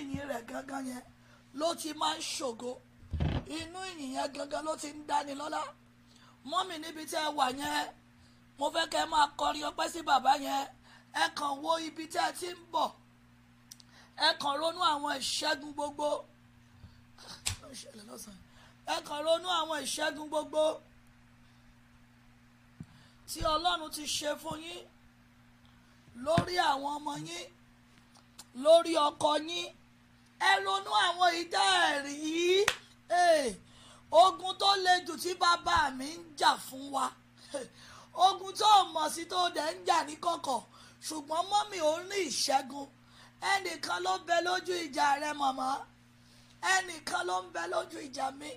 ìyìn rẹ̀ gangan yẹn ló ti máa ń ṣògo inú ìyìn yẹn gangan ló ti ń dáni lọ́lá mọ́mì níbi tí ẹ wà yẹn mo fẹ́ kẹ́ ẹ máa kọrin ọpẹ́ sí bàbá yẹn ẹ kàn wo ibi tí ẹ ti ń bọ̀ ẹ kàn ronú àwọn ìṣẹ́gun gbogbo ẹ kàn ronú àwọn ìṣẹ́gun gbogbo tí ọlọ́run ti ṣe fún yín lórí àwọn ọmọ yín lórí ọkọ yín ẹ ronú àwọn ìdá ẹ̀rí eh, ogun tó le jù tí bàbá mi ń jà fún wa ogun tó mọ̀ sí tó dẹ̀ ń jà ní kọ̀kọ̀ ṣùgbọ́n mọ́mì ò ní ìṣẹ́gun ẹnìkan ló ń bẹ lójú ìjà rẹ mọ̀mọ́ ẹnìkan ló ń bẹ lójú ìjà mi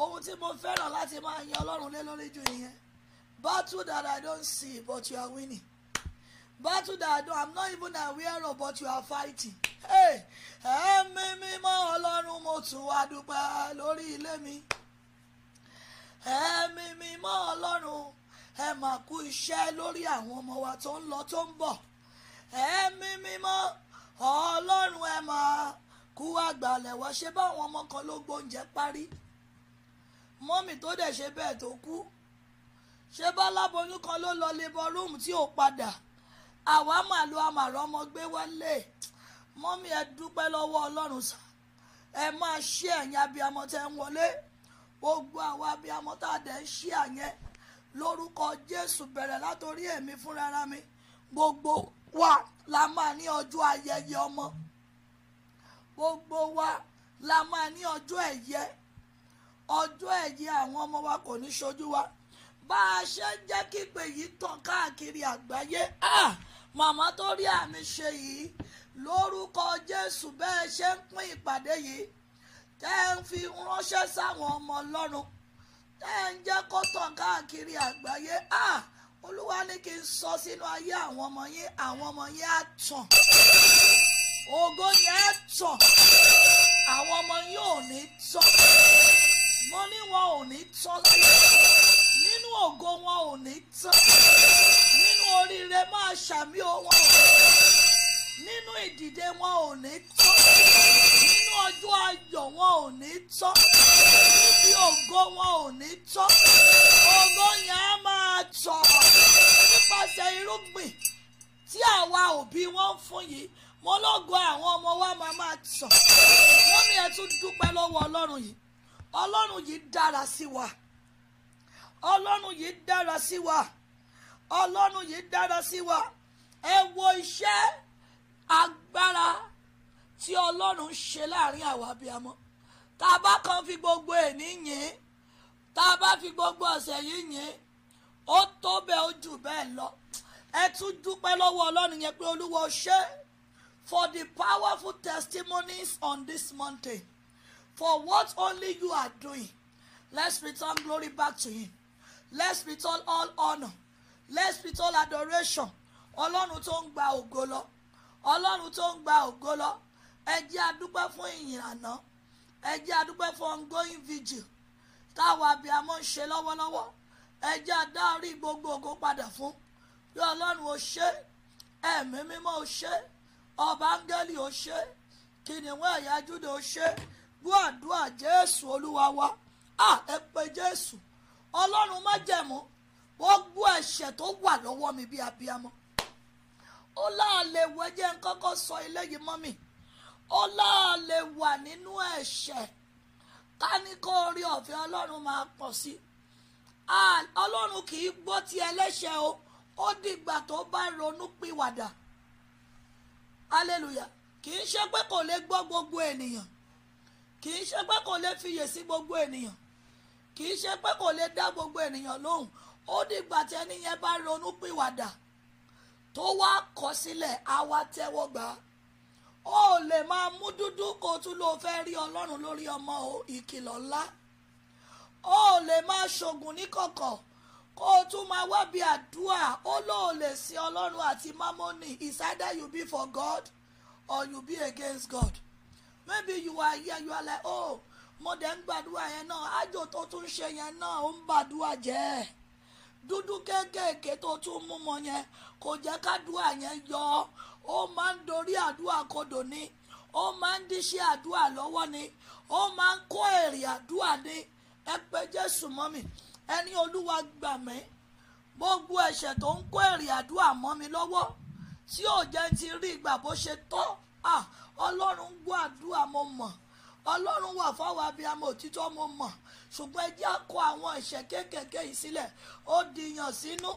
ohun tí mo fẹ́ràn láti máa yan ọlọ́run lé lórí jù nìyẹn battle that I don't see but you are winning battle that I know I'm not even aware of but you are fighting. ẹ̀mí mímọ́ ọlọ́run mo tún wá dúpẹ́ lórí ilé mi ẹ̀mí mímọ́ ọlọ́run ẹ mà kú iṣẹ́ lórí àwọn ọmọ wa tó ń lọ tó ń bọ̀ ẹ̀mí mímọ́ ọlọ́run ẹ mà kú àgbàlẹ̀ wá ṣe báwọn ọmọ kan ló gbóúnjẹ parí mọ́mì tó dẹ̀ ṣe bẹ́ẹ̀ tó kú ṣe bá láboyún kan ló lọ labour room tí ò padà àwa máa lo àmàrọ̀ ọmọ gbé wọlé mọ́mí ẹ dúpẹ́ lọ́wọ́ ọlọ́run sá ẹ máa ṣí ẹ̀yìn abiyamọ tẹ́ ń wọlé gbogbo àwọn abiyamọ tá a dẹ̀ ń ṣí àyẹn lórúkọ jésù bẹ̀rẹ̀ látòrí èmi fúnra mi gbogbo wa la máa ní ọjọ́ ayẹyẹ ọmọ gbogbo wa la máa ní ọjọ́ ẹ̀yẹ ọjọ́ ẹ̀yẹ àwọn ọmọ wa kò ní ṣojú wa bá a ṣe ń jẹ́ kígbe yìí tàn káàkiri àgbáyé. Ah! màmá tó rí àmì ṣe yìí lórúkọ jésù bẹ́ẹ̀ ṣe ń pín ìpàdé yìí tẹ́ ń fi ránṣẹ́ sáwọn ọmọ ọlọ́run tẹ́ ń jẹ́ kó tàn káàkiri àgbáyé ah olúwa ní kí n sọ sínú ayé àwọn ọmọ yín àwọn ọmọ yín á tàn ògo yẹn á tàn àwọn ọmọ yín ò ní tàn mo ní wọn ò ní tàn láyé nínú ògo wọn ò ní tán nínú oríire máa ṣàmì wọn ò ní nínú ìdìde wọn ò ní tán nínú ọjọ́ ayọ̀ wọn ò ní tán níbi ògo wọn ò ní tán ògo yẹn á máa tọ̀ nípasẹ̀ irúgbìn tí àwa òbí wọn ń fún yìí mo lógo àwọn ọmọ wa máa máa tàn wọ́n mi ẹ̀ tún dúpẹ́ lọ́wọ́ ọlọ́run yìí ọlọ́run yìí dára sí wa ọlọ́run yìí dára sí wa ọlọ́run yìí dára sí wa ẹ wo iṣẹ́ agbára tí ọlọ́run ṣe láàrin àwa abiyamọ tá a bá kàn fi gbogbo ẹ̀ní yìn tá a bá fi gbogbo ọ̀sẹ̀ yìí yìn ó tó bẹ́ẹ̀ ó jù bẹ́ẹ̀ lọ ẹ tún dúpẹ́ lọ́wọ́ ọlọ́run yẹn pé olúwa ṣe for the powerful testimonies on this mountain for what only you are doing let's return glory back to him let's return all honor, let's return adoration ọlọ́run tó ń gba ògo lọ ọlọ́run tó ń gba ògo lọ ẹ jẹ́ adúpẹ́ fún ìyìn àná ẹ jẹ́ adúpẹ́ fún ongoing vigil táwọn abiyamọ ń ṣe lọ́wọ́lọ́wọ́ ẹ jẹ́ adárí gbogbo ògo padà fún bí ọlọ́run ò ṣe ẹ̀mí mímọ́ ò ṣe ọba áńgẹ́lì ò ṣe kìnìún ẹ̀yà júdà ò ṣe gbọ́ àdúrà jésù olúwa wa ẹ pé jésù ọlọ́run má jẹ̀mú gbogbo ẹ̀ṣẹ̀ tó wà lọ́wọ́ mi bí abiyamọ ó láàlè wọ ẹjẹ́ ń kọ́kọ́ sọ eléyìí mọ́ mi ó láàlè wà nínú ẹ̀ṣẹ̀ ká ní kó orí ọ̀fẹ́ ọlọ́run máa pọ̀ sí ọlọ́run kì í gbọ́ ti ẹlẹ́ṣẹ̀ o ó dìgbà tó bá ronú pìwàdà hallelujah kì í ṣe pé kò lè gbọ́ gbogbo ènìyàn kì í ṣe pé kò lè fiyè sí gbogbo ènìyàn kì í ṣe pé kò lè dá gbogbo ènìyàn lóhùn ó dìgbà tí ẹni yẹn bá ronú pìwàdà tó wá kọ sílẹ̀ á wá tẹ́wọ́ gbà á ó lè máa mú dúdú kó tún ló fẹ́ rí ọlọ́run lórí ọmọ ìkìlọ̀ ńlá ó lè máa ṣògùn níkọ̀kọ̀ kó o tún máa wá bí àdúrà ó lóò lè sin ọlọ́run àti mámọ́nì is either you be for God or you be against God maybe you are here you are like oh mo dẹ̀ ń gbàdúrà yẹn náà àjò tó tún ṣe yẹn náà ó ń gbàdúrà jẹ́ dúdú kéékèèké tó tún mú mọ yẹn kò jẹ́ kádùá yẹn yọ ó máa ń dorí àdúrà kodò ni ó máa ń díṣẹ́ àdúrà lọ́wọ́ ni ó máa ń kó èrè àdúrà ni ẹ pé Jésù mọ́ mi ẹni Olúwa gbà mí gbogbo ẹ̀ṣẹ̀ tó ń kó èrè àdúrà mọ́ mi lọ́wọ́ tí ò ti rí ìgbà bó ṣe tọ́ ọlọ́run gbọ́ àdúrà mo mọ̀ ọlọ́run wà fáwọn abiyamọ òtítọ́ mo mọ̀ ṣùgbọ́n ẹjẹ́ á kó àwọn ẹ̀ṣẹ̀ kéékèèké yìí sílẹ̀ ó dìyàn sínú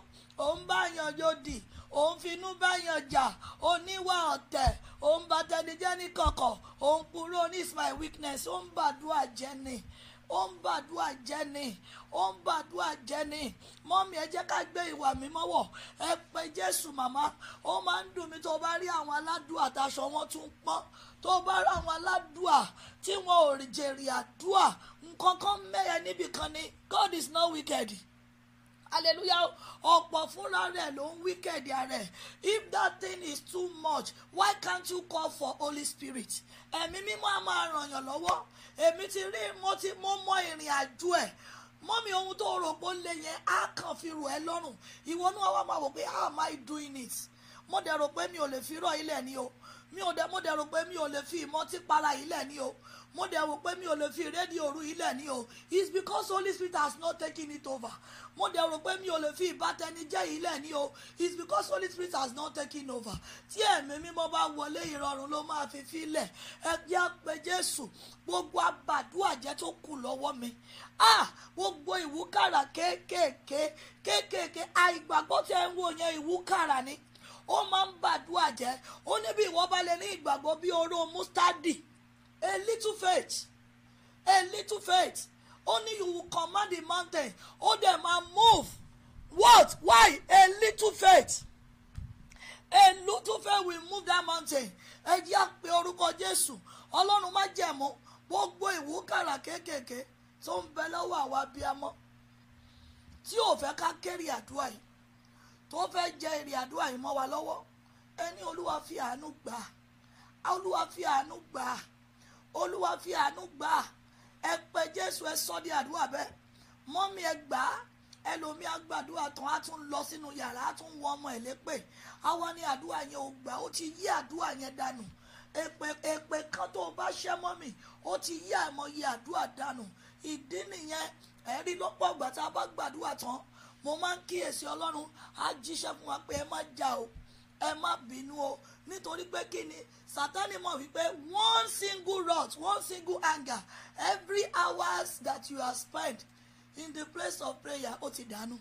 òun bá yan yòdì òun finú bá yan jà oníwà ọ̀tẹ̀ òun bàtẹ́nijẹ́ ní kọ̀kọ̀ òun purọ́ ní is my weakness òun bàdúrà jẹ́ ni ó ń bàdúrà jẹ́ ni ó ń bàdúrà jẹ́ ni mọ́mí ẹ jẹ́ ká gbé ìwà mímọ́ wọ̀ ẹ pé jésù màmá ó máa ń dùn mí tó bá rí àwọn aládùúà taṣọ wọn tún pọ́n tó bá rí àwọn aládùúà tí wọn ò jèrè àdúà nǹkan kan mẹ́yẹ níbìkan ni God is not wicked hallelujah ọ̀pọ̀ fúnra rẹ̀ ló ń wíkẹ̀dì rẹ̀ if that thing is too much why can't you call for holy spirit ẹ̀mí mímọ́ a máa ràn yàn lọ́wọ́ èmi ti rí mo ti mo mọ ìrìn àjò ẹ̀ mọ́mí ohun tó rò pé ó lè yẹn á kàn fi rò ẹ́ lọ́rùn ìwọ náà wá máa wò pé how am I doing it mo dẹ̀ rò pé mi ò lè fi rọ̀ ilẹ̀ ni o mi ò dẹ̀ mo dẹ̀ rò pé mi ò lè fi ìmọ̀ tí para ilẹ̀ ni o mo dẹ̀ wò pé mi ò lè fi rédíò òru ilẹ̀ ni o it's because holy spirit has not taken it over mo dẹ̀ rò pé mi ò lè fi ìbátẹnijẹ́ ilẹ̀ ni o it's because holy spirit has not taken over tí ẹ̀mí mímọ́ bá wọlé ìrọ̀rùn ló máa fi filẹ̀ ẹ jẹ́ pé jésù gbogbo àbàdúà jẹ́ tó kù lọ́wọ́ mi ah gbogbo ìwúkàrà kéékèèké kéékèèké àìgbàgbọ́ tẹ́ ń wò yẹn ìwúkàrà ni ó máa ń bàdúà jẹ́ ó ní bí ìwọ bá lè ní ìgbàgbọ́ bí oró mustardi a little faith a little faith only you will command the mountain hold them and move what why a little faith a little faith will move that mountain ẹ jẹ́ àpè orúkọ Jésù Ọlọ́run má jẹ̀mọ́ gbogbo ìwúkàrà kéékèèké tó ń bẹ lọ́wọ́ àwa abiyamọ tí ò fẹ́ ká kéré àdúrà yìí tó fẹ́ jẹ èrè àdúrà yìí mọ́ wa lọ́wọ́ ẹni Olúwa fi àánú gbà á Olúwa fi àánú gbà á olúwa fi àánú gbà ẹ pé jésù ẹ sọ di àdúrà bẹ́ẹ̀ mọ́mí ẹ gbà á ẹlòmíì àgbàdúrà tán á tún lọ sínú yàrá á tún wọ ọmọ ẹ lépè àwa ni àdúrà yẹn ò gbà ó ti yí àdúrà yẹn dànù èpè èpè kan tó o bá ṣẹ́ mọ́mì ó ti yí àìmọye àdúrà dànù ìdí nìyẹn ẹ̀rí lọ́pọ̀ ìgbà tá a bá gbàdúrà tán mo máa ń kíyèsí ọlọ́run á jíṣẹ́ fún wa pé ẹ má jà o ẹ má bínú o nítorí pé kí ni satani mọ̀ wípé one single rot one single anger every hours that you are spent in the place of prayer ó ti dànù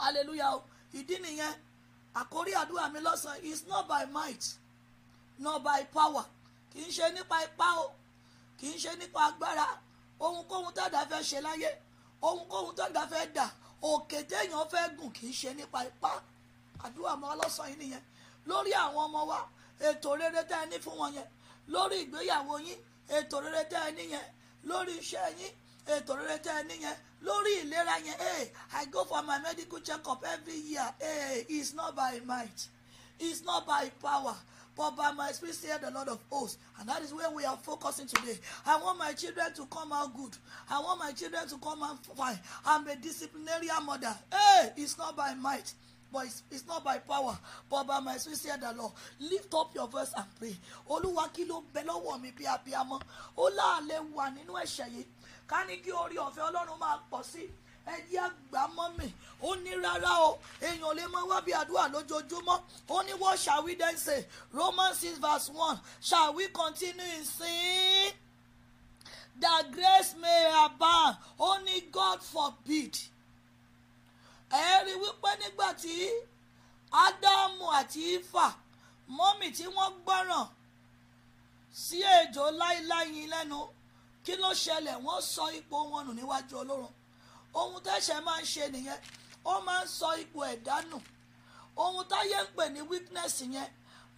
hallelujah o ìdí nìyẹn àkórí àdúrà mi lọ́sàn is not by might not by power kì í ṣe nípa ipá o kì í ṣe nípa agbára ohunkóhun tọ́dà fẹ́ ṣe láyé ohunkóhun tọ́dà fẹ́ dà òkè téèyàn fẹ́ gùn kì í ṣe nípa ipá àdúrà mọ́ ọlọ́sàn yìí nìyẹn lórí àwọn ọmọ wa ètò rere tẹ́ ẹ ní fún wọn yẹn lórí ìgbéyàwó yín ètò rere tẹ́ ẹ ní lórí iṣẹ́ yín ètò rere tẹ́ ẹ ní lórí ìlera yẹn hey I go for my medical check up every year hey it's not by might it's not by power but by my spirit said the Lord of hosts and that is where we are focusing today i want my children to come out good i want my children to come out fine i'm a disciplinarian mother hey it's not by might but it's, it's not by power but by my sweet said the Lord lift up your voice and pray olúwa kí ló bẹ lọ́wọ́ mi bí abiyamọ ó láàlẹ́ wà nínú ẹ̀ṣẹ̀ yìí ká ní kí orí ọ̀fẹ́ ọlọ́run máa pọ̀ sí ẹdí àgbà mọ́ mi ó ní rárá o èèyàn lè máa wá àdúrà lójoojúmọ́ ó ní what shall we then say Romans six verse one shall we continue in sin that grace may abound Only God forbid ẹ rí wípé nígbà tí ádámù àti ifá mọ́mì tí wọ́n gbọ́ràn sí ejò láíláí yín lẹ́nu kí ló ṣẹlẹ̀ wọ́n sọ ipò wọn nù níwájú ọlọ́run ohun tẹ́ṣẹ̀ máa ń ṣe nìyẹn ó máa ń sọ ipò ẹ̀dá nù ohun táyé ń pè ní weakness yẹn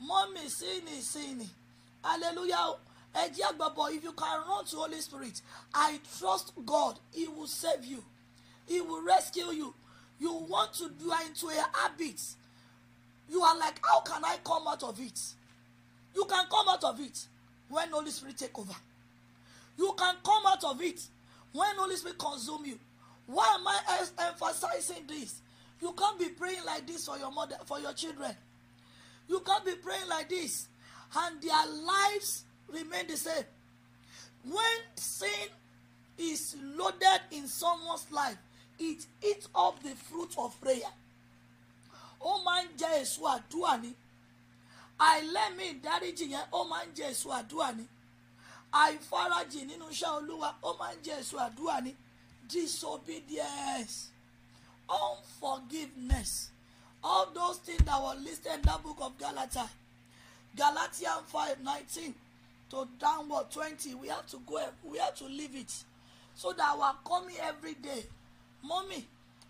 mọ́mì síìnì síìnì hallelujah ẹ jẹ́ àgbàbọ̀ if you can run to Holy Spirit I trust God he will save you he will rescue you you want to you are into a habit you are like how can I come out of it you can come out of it when Holy Spirit take over you can come out of it when Holy Spirit consume you why am I emphasizing this you can't be praying like this for your mother for your children you can't be praying like this and their lives remain the same when sin is loaded in someone's life Eat, eat up the fruit of prayer ó máa ń jẹ èso àdúrà ni àìlẹ́mí ìdáríjì yẹn ó máa ń jẹ èso àdúrà ni àìfarajì nínú iṣẹ́ olúwa ó máa ń jẹ èso àdúrà ni disobedience unforgiveness all those things that were listed in that book of Galatians Galatian five nineteen to downward twenty we have to go we have to leave it so that our coming every day mọ́mì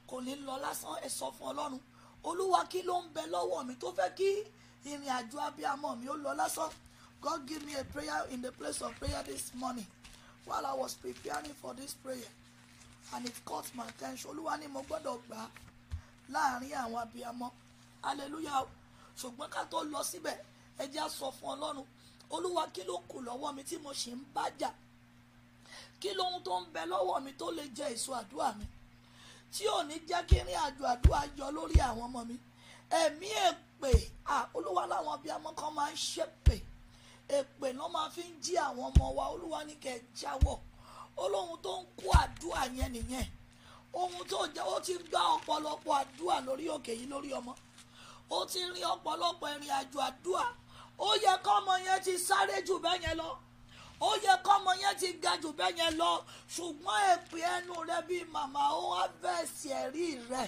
kò ní lọ lásán ẹ sọ fún ọlọ́run olúwa kí ló ń bẹ lọ́wọ́ mi tó fẹ́ kí ìrìn àjò abiyamọ mi ó lọ lásán God give me a prayer in the place of prayer this morning while I was preparing for this prayer and it caught my attention olúwa ni mo gbọ́dọ̀ gbà á láàrin àwọn abiyamọ hallelujah ṣùgbọ́n ká tó lọ síbẹ̀ ẹ jẹ́ á sọ fún ọlọ́run olúwa kí ló kù lọ́wọ́ mi tí mo ṣì ń bá jà kí lóhun tó ń bẹ lọ́wọ́ mi tó lè jẹ èso àdúrà mi tí ò ní jẹ́ kí rìn àjò àdúrà yọ lórí àwọn ọmọ mi ẹ̀mí èpè olúwa láwọn abiyamọ kan máa ń ṣépè èpè náà máa fi ń jí àwọn ọmọ wa olúwa ní kẹ́ ẹ jáwọ́ olóhun tó ń kó àdúrà yẹn nìyẹn ohun tó jẹ́ ó ti gba ọ̀pọ̀lọpọ̀ àdúrà lórí òkè yìí lórí ọmọ ó ti rin ọ̀pọ̀lọpọ̀ ìrìn àjò àdúrà ó yẹ kọ́mọ yẹn ti sáré jù bẹ́ẹ̀ yẹn lọ ó yẹ kọ́mọ yẹn ti ga jù bẹ́ẹ̀ yẹn lọ ṣùgbọ́n èpè ẹnu rẹ bíi màmá ó wá bẹ̀ẹ̀sì ẹ̀rí rẹ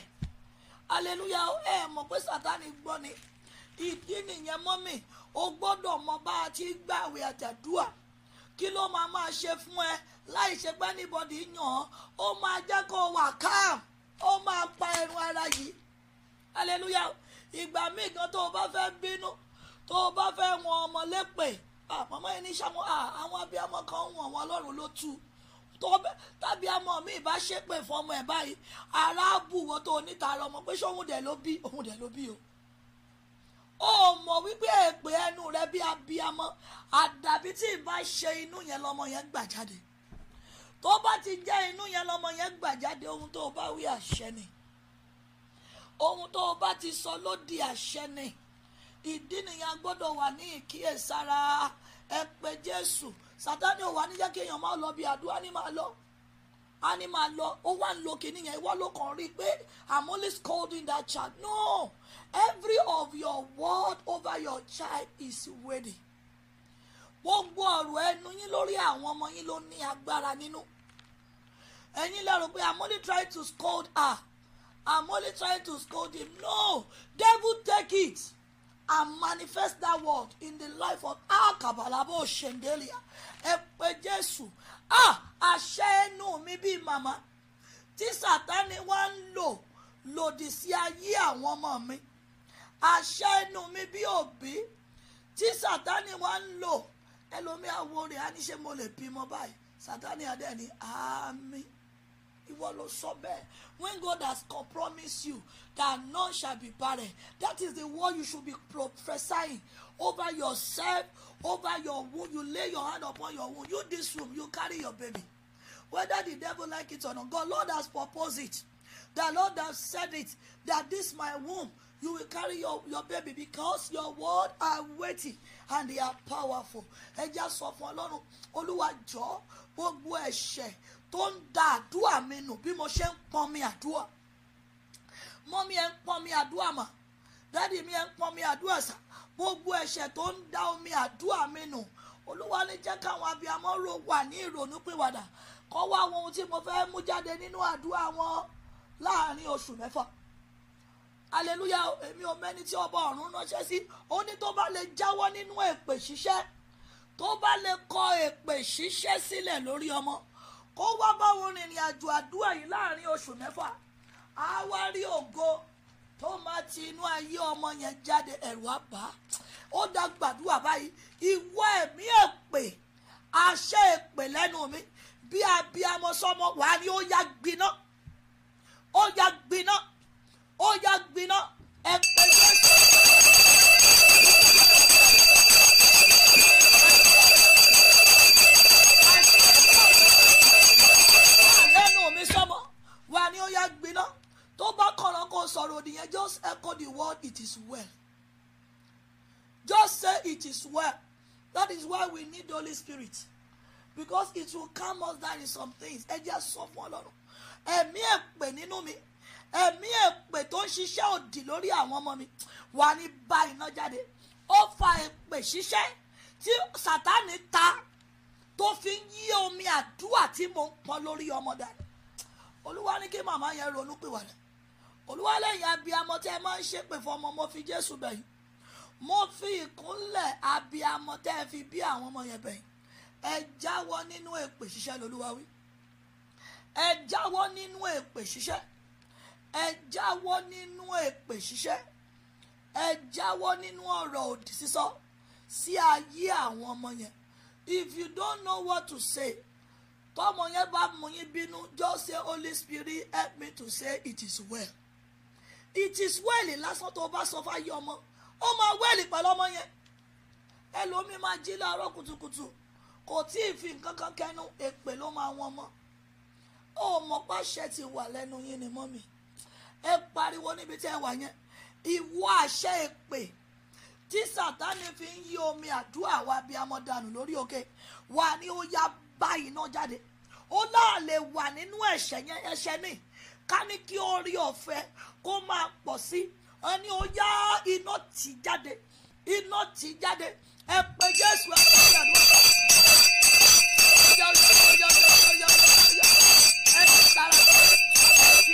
aleluya ẹ mọ̀ pé sátani gbọ́ ni ìdí nìyẹn mọ́mì o gbọ́dọ̀ mọ bá a ti gbàwé àtàdúà kí ló máa máa ṣe fún ẹ láì ṣe pé anybody yàn án ó máa jẹ́ kó wà calm ó máa pa ẹ̀rùn ara yìí aleluya ìgbà míì gan tó o bá fẹ́ bínú tó o bá fẹ́ wọn ọmọ lépè Ah, màmá yẹn ní sàmú ah, àwọn abiyamọ kan ń wọ̀n wọn ọlọ́run ló tú tàbí àmọ́ mi ìbá ṣépè fọmọ ẹ̀ báyìí ará bùwọ́ tó onítàárọ̀ ọmọ pé sóhun dẹ̀ ló bí òhun dẹ̀ ló bí o ó mọ̀ wípé èpè ẹnu rẹ bí abiyamọ àdàbí tí ìbá ṣe inú yẹn lọmọ yẹn gbà jáde tó bá ti jẹ́ inú yẹn lọmọ yẹn gbà jáde ohun tó bá wí àṣẹ ni ohun tó bá ti sọ ló di àṣẹ ni ìdí nìyẹn gbọ́dọ̀ wà ní ìkíyèsára ẹ pé jésù sátánì ò wá ní jẹ́ kí èèyàn máa lọ bí àdúrà ní máa lọ a ní máa lọ ó wà ń lo kìíní ìwọ ló kàn rí i pé i'm only scolding that child no every of your word over your child is ready. gbogbo ọ̀rọ̀ ẹnu yín lórí àwọn ọmọ yín ló ní agbára nínú ẹ̀yin lẹ́rù pé i'm only trying to scold her i'm only trying to scold him no devil take it and manifest that word in the life of our kabalabo shendelia ẹ pé jésù ah àṣẹ ẹnu mi bíi màmá tí sàtánì wá ń lò lòdì sí ayé àwọn ọmọ mi àṣẹ ẹnu mi bíi òbí tí sàtánì wá ń lò ẹlòmíà wo rè á ní ṣe mo lè bímọ báyìí sàtánì adé ni àmì ìwọ ló sọ bẹ́ẹ̀ when God has compromised you that none shall be barren. That is the word you should be prophesying over yourself, over your womb. You lay your hand upon your womb. You this womb, you carry your baby. Whether the devil like it or not, God, Lord has proposed it. The Lord has said it that this my womb, you will carry your, your baby because your word are weighty and they are powerful. Ẹ jẹ́ sọ fún Ọlọ́run, Olúwa jọ̀ọ́ gbogbo ẹ̀ṣẹ̀ tó ń da àdúrà mi nù bí mo ṣe ń pọnmi àdúrà mọ́mí ẹ̀ ń pọ́nmi àdúrà mà dádì mi ẹ̀ ń pọ́nmi àdúrà sà gbogbo ẹ̀ṣẹ̀ tó ń dá omi àdúrà mi nù olúwa ní jẹ́ káwọn abiyamọ ro wà ní ìrònú pìwàdà kọ́ wá àwọn ohun tí mo fẹ́ mú jáde nínú àdúrà wọn láàrin oṣù mẹ́fà aleluya èmi ò mẹ́ni tí ọba ọ̀run ránṣẹ́ sí ó ní tó bá lè jáwọ́ nínú èpè ṣiṣẹ́ tó bá lè kọ èpè ṣiṣẹ́ sílẹ̀ lórí ọmọ kó wá báwọn rìnrìn àjò àdúrà yìí láàrin oṣù mẹ́fà á wá rí ògo tó máa ti inú ayé ọmọ yẹn jáde ẹ̀rù àbá ó dá gbàdúrà báyìí ìwọ ẹ̀mí èpè àṣẹ èpè lẹ́nu mi bí abiamọ sọmọ wàá ní ó yá gbiná ó yá gbiná ó yá gbiná ẹ̀pẹ̀ Jésù. sọ̀rọ̀ òdì yẹn just echo the word it is well just say it is well that is why we need the holy spirit because it will calm us down in some things ẹ jẹ́ sọ fún ọlọ́run ẹ̀mí èpè nínú mi ẹ̀mí èpè tó ń ṣiṣẹ́ òdì lórí àwọn ọmọ mi wà ní bá iná jáde ó fa èpè ṣiṣẹ́ tí sátánì ta tó fi ń yí omi àdúrà tí mo ń pọn lórí ọmọ dànù olúwa ní kí màmá yẹn ronú pìwàdà olúwalẹ̀yìn abiyamọ tẹ́ ẹ máa ń ṣépè fún ọmọ mo fi jésù bẹ̀yìn mo fi ìkúnlẹ̀ abiyamọ tẹ́ ẹ fi bí àwọn ọmọ yẹn bẹ̀yìn ẹ jáwọ́ nínú èpè ṣiṣẹ́ lolúwa wí ẹ jáwọ́ nínú èpè ṣiṣẹ́ ẹ jáwọ́ nínú èpè ṣiṣẹ́ ẹ jáwọ́ nínú ọ̀rọ̀ òdì sísọ sí ayé àwọn ọmọ yẹn if you don't know what to say tọmọ yẹn bá mú yín bínú just say holy spirit help me to say it is well it is well lásán tó bá sọ fáyé ọmọ ó máa well pẹ̀lú ọmọ yẹn ẹlòmíín máa jí láàárọ̀ kùtùkùtù kò tí ì fi nǹkan kan kẹnu èpè ló máa wọn mọ́ ó mọ̀ pàṣẹ ti wà lẹ́nu yín ni mọ́mì ẹ pariwo níbi tí ẹ wà yẹn ìwọ àṣẹ èpè tí sàtáni fi ń yí omi àdúrà wa bí amọ̀dànù lórí òkè wà ní ó yá báyìí náà jáde ó láà lè wà nínú ẹ̀ṣẹ̀ yẹn ẹ̀ṣẹ̀ nìyí ká ní kí orí ọ̀fẹ́ kó máa pọ̀ sí ọ ní ó yá iná tì jáde iná tì jáde ẹ pé Jésù ẹ pé ìyàdúrà ẹ ti tara ẹ ti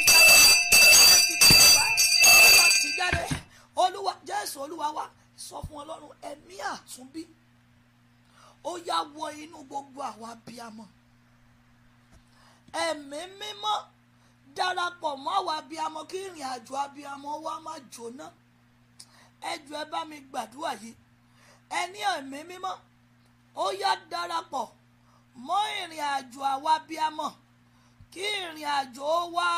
tara ẹ ti tara olúwa Jésù olúwa wa sọ fún Ọlọ́run ẹ̀mí àtúnbí ó yá wọ inú gbogbo àwa bíi amọ̀ ẹ̀mí mímọ́ darapọ̀ mọ́ àwọn abiyamọ kí ìrìn àjò abiyamọ wa má jóná ẹjọ́ ẹ bá mi gbàdúrà yìí ẹni ẹ̀mí mímọ́ ó yá darapọ̀ mọ́ ìrìn àjò àwa abiyamọ kí ìrìn àjò wa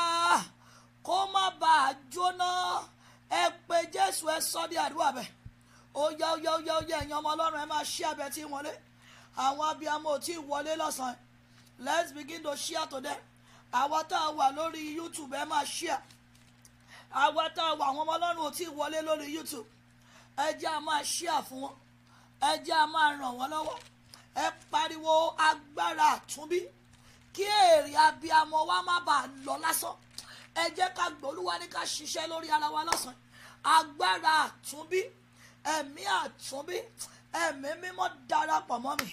kó má bàa jóná ẹ pé Jésù ẹ sọ ní àdúrà bẹ́ẹ̀ ó yá ó yá ó yá ó yá ẹ̀yin ọmọ Ọlọ́run ẹ máa ṣí abẹ tí wọlé àwọn abiyamọ ò tí ì wọlé lọ́sàn-án let's begin to share today àwa tá a wà lórí youtube ẹ máa ṣíà àwa tá a wà àwọn ọmọ ọlọ́run ò tí ì wọlé lórí youtube ẹ jẹ́ a máa ṣíà fún wọn ẹ jẹ́ a máa ràn wọ́n lọ́wọ́ ẹ pariwo agbára àtúnbí kí èrè abiyamọ wa má bàa lọ lásán ẹ jẹ́ ká gbólúwa ní ká ṣiṣẹ́ lórí ara wa lọ́sàn-án agbára àtúnbí ẹ̀mí àtúnbí ẹ̀mí mímọ́ darapọ̀ mọ́ mi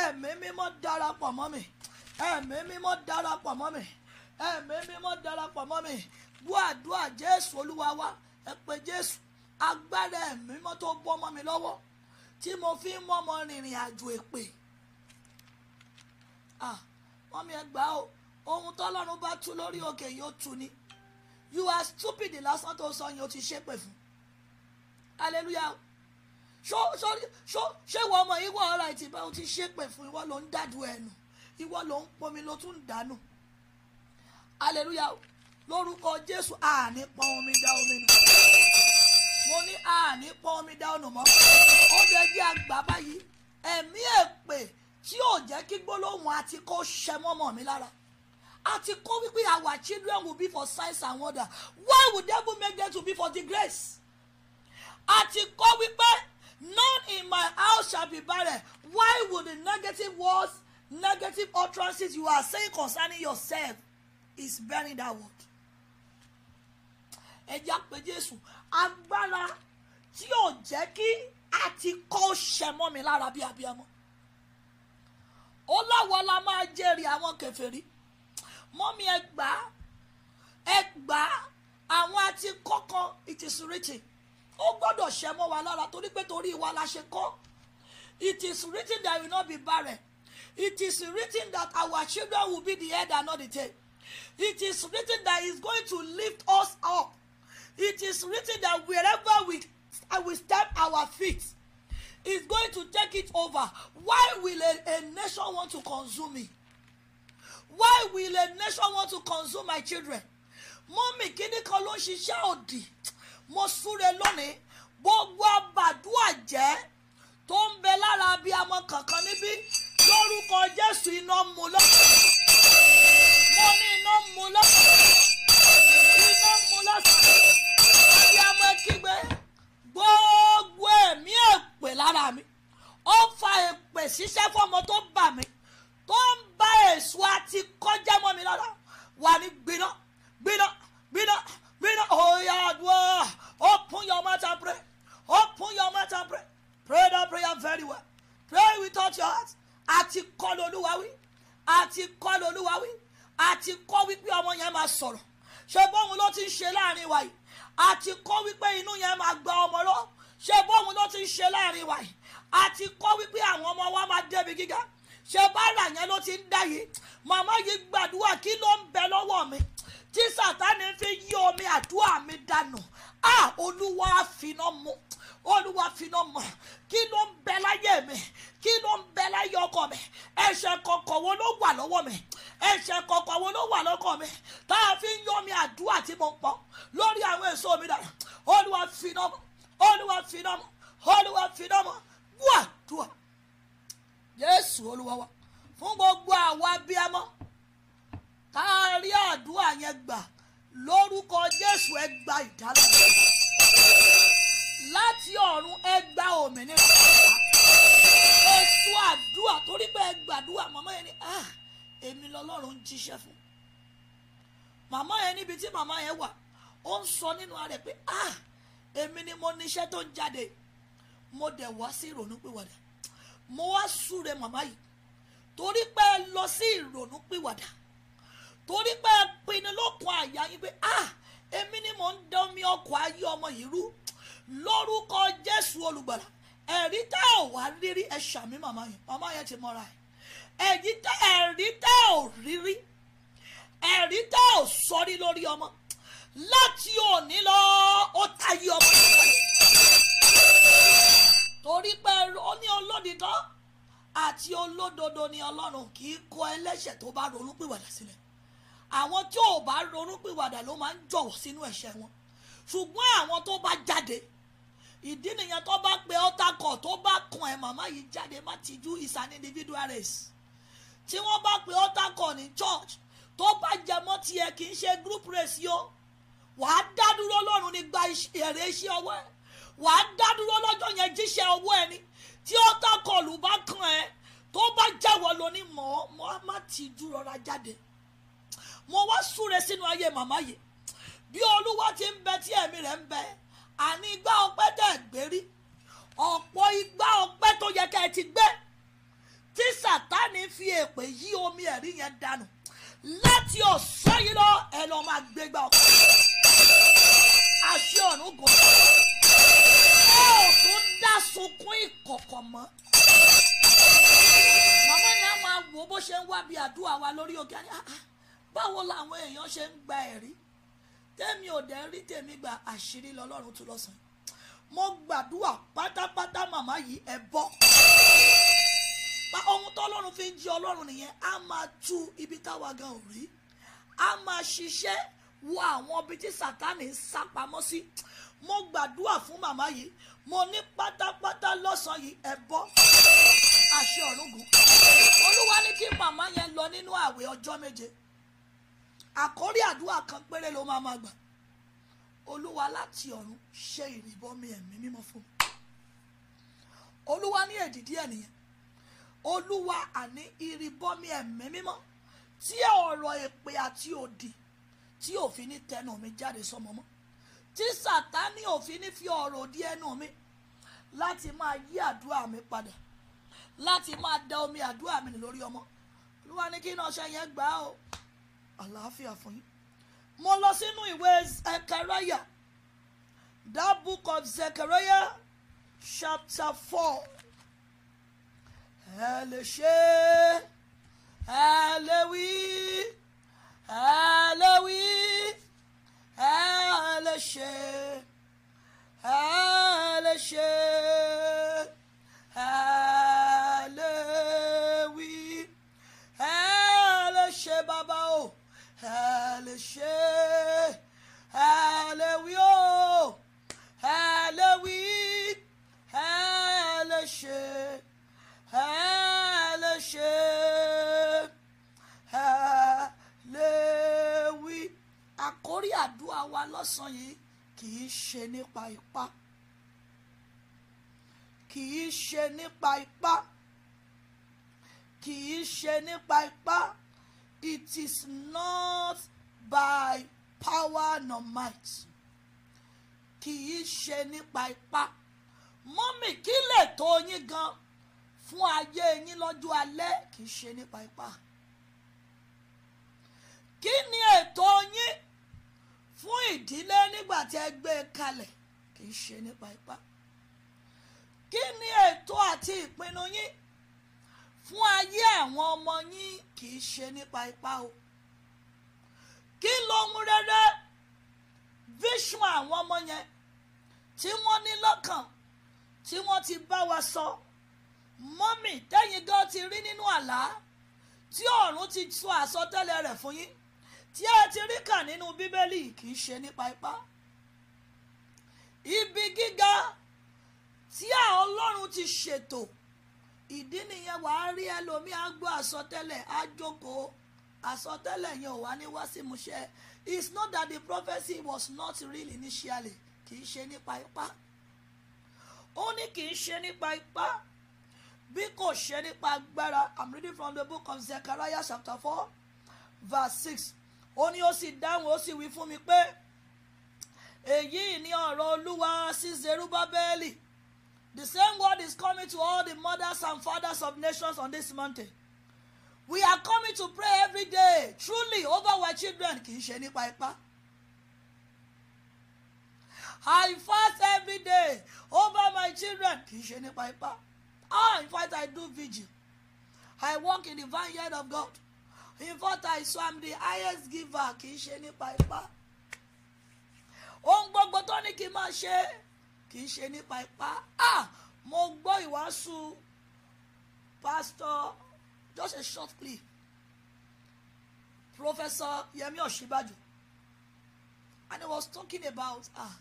ẹ̀mí mímọ́ darapọ̀ mọ́ mi ẹ̀mí mímọ́ darapọ̀ mọ́ mi ẹ̀mí mímọ́ darapọ̀ mọ́ mi bú àdúrà jésù olúwa wa ẹ pé jésù agbára ẹ̀mí mímọ́ tó bọ́ mọ́ mi lọ́wọ́ tí mo fi ń mọ́mọ́ rìnrìn àjò èpè wọ́n mi ẹ gbà ó ohun tọ́lọ́run bá tú lórí òkè yóò tú ni you are stupid lásán tó sọ yẹn o ti ṣépè fún hallelujah ṣó ṣó ṣé wọ́n ọmọ yìí wọ́n ọ̀rọ̀ ìtìbẹ́ o ti ṣépè fún ìwọ ló ń dàdú ẹnu ìwọ ló ń pọnmi ló tún dànù aleluya lórúkọ jésù àní pọn omi dá omi nù mo ní àní pọn omi dá ọnà mọ́ ó jẹ́ jẹ́ àgbà báyìí ẹ̀mí èpè tí ò jẹ́ kí gbólóhùn àti kó ṣẹ mọ́mọ́ mi lára àti kó wípé our children will be for science and wonder why would devil make them to be for the grace àti kó wípé none in my house shall be barren why would the negative words negative utterances you are saying concerning yourself is bearing that word. ẹja pé jésù agbára tí ò jẹ́ kí a ti kọ́ ṣẹmọ́ mi lára bí abiyamọ ó láwọ la máa jẹ́rìí àwọn kèfèrí mọ́mí ẹ gbà á ẹ gbà á àwọn àti kọ́kan it is written ó gbọ́dọ̀ ṣẹmọ́ wa lára torí pé torí wa la ṣe kọ́ it is written that you no be barren It is written that our children will be the head and not the tail. It is written that He's going to lift us up. It is written that wherever we, we step our feet, is going to take it over. Why will a, a nation want to consume me? Why will a nation want to consume my children? Mọ́mì kíní kan ló ń ṣiṣẹ́ òdì. Mo Gbogbo àbàdúà jẹ́ tó ń bẹ lára abiyamọ kankan níbí lórúkọ jésù iná mu lọ́wọ́ mo ní iná mu lọ́wọ́ iná mu lọ́sàn-án àti ọmọ kígbe gbogbo ẹ̀mí èpè lára mi ó fa èpè ṣiṣẹ́ fọmọ tó bà mí tó ń bá èso àti kọjá mọ́ mi lọ́dọ̀ wà ní gbiná gbiná gbiná gbiná oya àdúrà open your mouth and pray open your mouth and pray pray that prayer very well pray with all your heart a ti kọ́ lolúwa wí a ti kọ́ lolúwa wí a ti kọ́ wípé ọmọ yẹn máa sọ̀rọ̀ ṣe bóun ló ti ń ṣe láàrin wa yìí a kọ́ wípé inú yẹn máa gba ọmọ lọ ṣe bóun ló ti ń ṣe láàrin wa yìí a ti kọ́ wípé àwọn ọmọ wa máa débi gíga ṣe bára yẹn ló ti ń dá yìí màmá yìí gbàdúrà kí ló ń bẹ lọ́wọ́ mi tí sàtánì fi yí omi àdúrà mi dànù a olúwa àfinà mu olúwa finá mọ̀ kí ló ń bẹ láyé mi kí ló ń bẹ láyé ọkọ mi ẹ̀ṣẹ̀ kọ̀ọ̀kan wo ló wà lọ́wọ́ mi ẹ̀ṣẹ̀ kọ̀ọ̀kan wo ló wà lọ́kọ mi tá a fi ń yọ mi àdúrà tí mo ń pọ̀ lórí àwọn èso mi dànù olúwa finá mọ̀ olúwa finá mọ̀ olúwa finá mọ̀ wà dùà jésù olúwa wa fún gbogbo àwọn abiyamọ tá a rí àdúrà yẹn gbà lórúkọ jésù ẹ gba ìdálẹ́ láti ọ̀run ẹ gba òmìnira èso àdúrà torí pé ẹ gbàdúrà màmá yẹn ni ah, èmi lọ́lọ́run ń jíṣẹ́ fún màmá yẹn níbi tí màmá yẹn wà ó ń sọ nínú ara rẹ̀ pé ah, èmi ni mo níṣẹ́ tó ń jáde mo dẹ̀ wá sí ìrònúpìwàdà mo wá súre màmá yìí torí pé ẹ lọ sí ìrònúpìwàdà torí pé ẹ pinnu lókun àyà yín pé ah, èmi ni mo ń dán mi ọkọ̀ ayé ọmọ yìí rú lórúkọ jésù olùgbàlà ẹ̀rí tá ò wá rírí ẹ ṣàmì màmá yẹn màmá yẹn ti mọ́ra ẹ̀ ẹ̀rí tá ò rírí ẹ̀rí tá ò sọrí lórí ọmọ láti òní lọ ó tayé ọmọ yẹn torí pé ó ní olódìtọ́ àti olódodo ni ọlọ́run kì í kọ ẹlẹ́ṣẹ̀ tó bá ronú pìwàdà sílẹ̀ àwọn tí ò bá ronú pìwàdà ló máa ń jọ̀wọ́ sínú ẹ̀ṣẹ̀ wọn ṣùgbọ́n àwọn tó bá jáde ìdí nìyẹn tó bá pe ọ́tàkọ̀ tó bá kan ẹ̀ màmá yìí jáde má tijú is an individual race tí wọ́n bá pe ọ́tàkọ̀ ní church tó bá jẹmọ́ tiẹ̀ kì í ṣe group race yó wàá dá dúró lọ́rùn ní gba èrè iṣẹ́ ọwọ́ ẹ̀ wàá dá dúró lọ́jọ́ yẹn jíṣẹ́ ọwọ́ ẹni tí ọ́tàkọ̀ lù bá kan ẹ̀ tó bá jẹ́wọ́ lóní mọ́ mọ́ má tijú rọra jáde mo wá súre sínú ayé màmá yìí bí olúwa ti ń bẹ tí ẹ̀mí rẹ̀ ń bẹ àní igbá ọpẹ́ tẹ̀ gbé rí ọ̀pọ̀ igbá ọpẹ́ tó yẹ kẹ́ ẹ ti gbé tí sátani fi èpè yí omi ẹ̀rí yẹn dànù láti ọ̀sán yìí lọ ẹ lọ́ọ́ máa gbégbá ọpẹ́ àṣẹ ọ̀run gòkè ẹ ò tún dá sunkún ìkọ̀kọ̀ mọ́ màmá yẹn á máa wò bó ṣe ń wá bí àdúrà wa lórí òkè ah, ah, báwo làwọn èèyàn ṣe ń gba ẹ̀rí tẹ́mi ò dẹ́ rí tèmi gba àṣírí lọ́lọ́run tún lọ́sàn-án mo gbàdúrà pátápátá màmá yìí ẹ bọ́ ohun tọ́lọ́run fi ń jí ọlọ́run nìyẹn á máa tú ibi táwa gan ò rí á máa ṣiṣẹ́ wo àwọn ibi tí sátánì ń sá pamọ́ sí mo gbàdúrà fún màmá yìí mo ní pátápátá lọ́sàn-án yìí ẹ bọ́ àṣẹ ọ̀rùngún olúwa ní kí màmá yẹn lọ nínú àwẹ̀ ọjọ́ méje àkórí àdúrà kan péré ló máa ma gbà olúwa láti ọ̀run ṣe ìrìbọmi ẹ̀mí mímọ́ fún mi olúwa ní èdìdí ẹ̀ nìyẹn olúwa àní ìrìbọmi ẹ̀mí mímọ́ tí ọ̀rọ̀ èpè àti òdì tí òfin ní tẹnu mi jáde sọmọ mọ́ tí sàtánì òfin ní fi ọ̀rọ̀ òdì ẹnu mi láti máa yí àdúrà mi padà láti máa da omi àdúrà mi lórí ọmọ olúwa ní kí iná ṣe yẹn gbà á o àlàáfíà fún yín mo lọ sínú ìwé Zechariah that book of Zechariah chapter four ẹ lè ṣe ẹ lè wí ẹ lè wí ẹ lè ṣe ẹ lè ṣe ẹ. lọ́sàn yìí kì í ṣe nípa ipá kì í ṣe nípa ipá kì í ṣe nípa ipá it is not by power nor might kì í ṣe nípa ipá mọ́mì kí lè tó yín gan fún ayé yín lọ́jọ́ alẹ́ kì í ṣe nípa ipá kí ni ètò yín fún ìdílé nígbà tí ẹ gbé e kalẹ̀ kì í ṣe nípa ipá kí ni ètò àti ìpinnu yín fún ayé àwọn ọmọ yín kì í ṣe nípa ipá o kí lohun rere vision àwọn ọmọ yẹn tí wọ́n ní lọ́kàn tí wọ́n ti bá wa sọ mọ́mì tẹ́yìn gan ti rí nínú àlá tí ọ̀run ti tú àsọtẹ́lẹ̀ rẹ̀ fún yín tí a ti rí kà nínú bíbélì kì í ṣe nípa ipá ibi gíga tí àwọn ọlọ́run ti ṣètò ìdí nìyẹn wàá rí ẹlòmíì á gbọ́ àsọtẹ́lẹ̀ á jókòó àsọtẹ́lẹ̀ yẹn ò wá ní wá sí ìmúṣẹ it's not that the prophecy was not real initially kì í ṣe nípa ipá ó ní kì í ṣe nípa ipá bí kò ṣe nípa agbára I'm reading from the book of Zechariah chapter four verse six ó ní ó sì dáhùn ó sì wí fún mi pé èyí ni ọ̀rọ̀ olúwa sí zerubabeli the same word is coming to all the mothers and fathers of nations on this mountain we are coming to pray every day truly over our children kì í ṣe nípa ipá. I fast every day over my children kì í ṣe nípa ipá. Ah, in fact, I do vigil. I walk in the vineyard of God in fact I swam the highest giver kì í ṣe nípa ipá ohun gbogbo tó ní kí n máa ṣe kì í ṣe nípa ipá ah mo gbọ́ ìwàásù pastor just a short clip Professor Yemi Osinbajo and he was talking about ah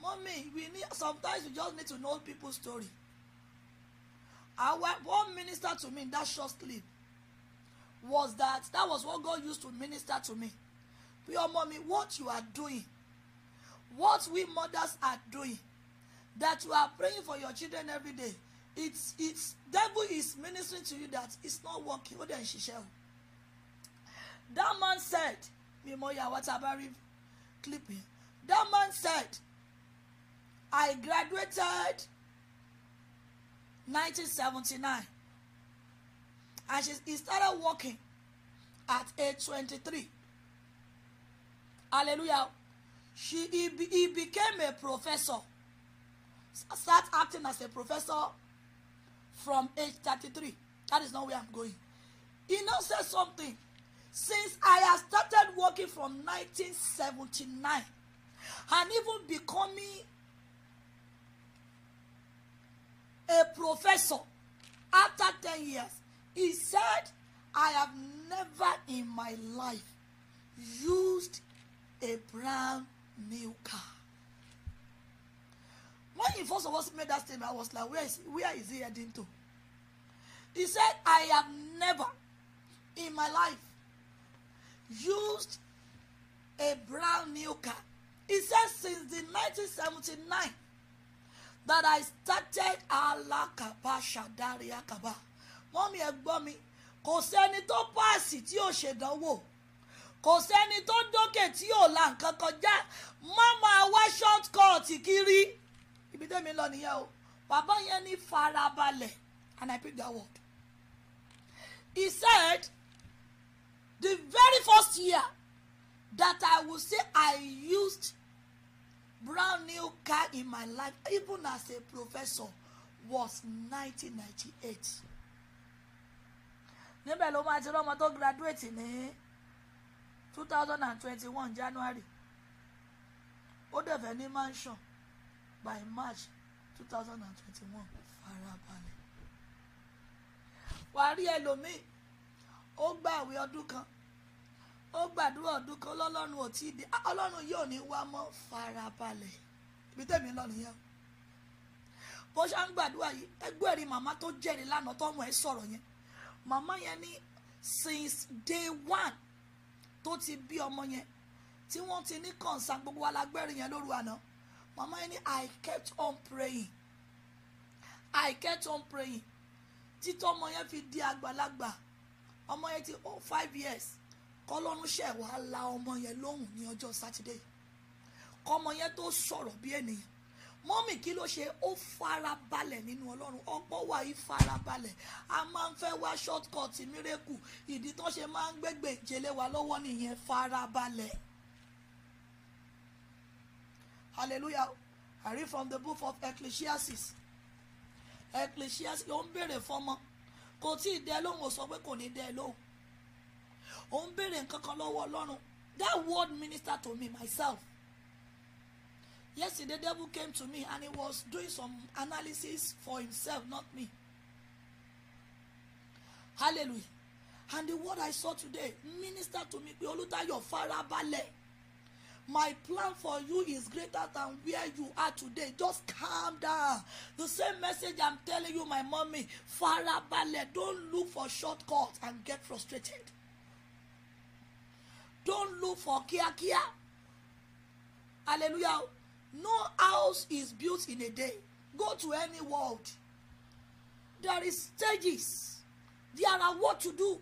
mommy we need sometimes we just need to know people's story our one minister to me in that short clip was that that was what God used to minister to me. Pure mommy, what you are doing, what we mothers are doing, that you are praying for your children every day, it's it's devil is ministering to you that it's not working. What then she shall. That man said, Mimoya, what about clipping? That man said, I graduated 1979 and she, he started working at age 23 hallelujah she he, he became a professor start acting as a professor from age 33 that is not where i'm going he now say something since i have started working from 1979 and even becoming a professor after 10 years He said, I have never in my life used a brown milk car. When he first of all made that statement, I was like, where is, where is he heading to? He said, I have never in my life used a brown new car. He said, since the 1979 that I started Allah Kaba Shadaria Kaba mọ́mí ẹ gbọ́ mi kò sẹ́ni tó páàsì tí ò ṣèdánwò kò sẹ́ni tó dókè tí ò la nǹkan kọjá má máa wá short cut kiri ibi tẹ́mi lọ nìyẹn o bàbá yẹn ní farabalẹ̀ and I pick that word he said the very first year that I will say I used brown new car in my life even as a professor was 1998 níbẹ̀ ló máa ti rọ́mọ tó graduate ní two thousand and twenty one January ó dẹ̀ ní mansion by March two thousand and twenty one farabalẹ̀ wàá rí ẹlòmíì ó gba àwẹ̀ ọdún kan ó gbàdúrà ọdún kan lọ́lọ́run ò tí ì dé ah, ọlọ́run yóò ní wá mọ́ farabalẹ̀ ibi tẹ̀mí lọ nìyẹn bó ṣá ń gbàdúrà yìí ẹgbẹ́ rí màmá tó jẹ́rìí lánàá tọ́mọ ẹ sọ̀rọ̀ yẹn màmá yẹn ní since day one tó ti bí ọmọ yẹn tí wọ́n ti ní kọ̀ǹsán gbogbo alágbẹ́rin yẹn lóru àná màmá yẹn ní i kept on praying i kept on praying títọ́ ọmọ yẹn fi di àgbàlagbà ọmọ yẹn ti oh five years kọ́lọ́run ṣẹ̀ wá la ọmọ yẹn lóhùn ní ọjọ́ sátidé kọ́mọ yẹn tó sọ̀rọ̀ bí ènìyàn mọ́mì kí ló ṣe ó farabalẹ̀ nínú ọlọ́run ọgbọ́n wà yìí farabalẹ̀ a máa ń fẹ́ wá short cut mírèkù ìdí tó ṣe máa ń gbégbè ìjẹlé wa lọ́wọ́ nìyẹn farabalẹ̀ hallelujah I read from the book of Ecclesiastes Ecclesiastes ó ń béèrè fọmọ kò tí ì dẹ lóhùn ó sọ pé kò ní dẹ lóhùn ó ń béèrè nǹkan kan lọ́wọ́ ọlọ́run that word minister to me myself Yesterday, the devil came to me and he was doing some analysis for himself, not me. Hallelujah. And the word I saw today minister to me, Olutayo Farabalẹ̀. My plan for you is greater than where you are today. Just calm down. The same message I'm telling you, my mommy, Farabalẹ̀, don't look for shortcuts and get frustrated. Don't look for kíákíá. Hallelujah. No house is built in a day. Go to any world. There is stages. There are what to do.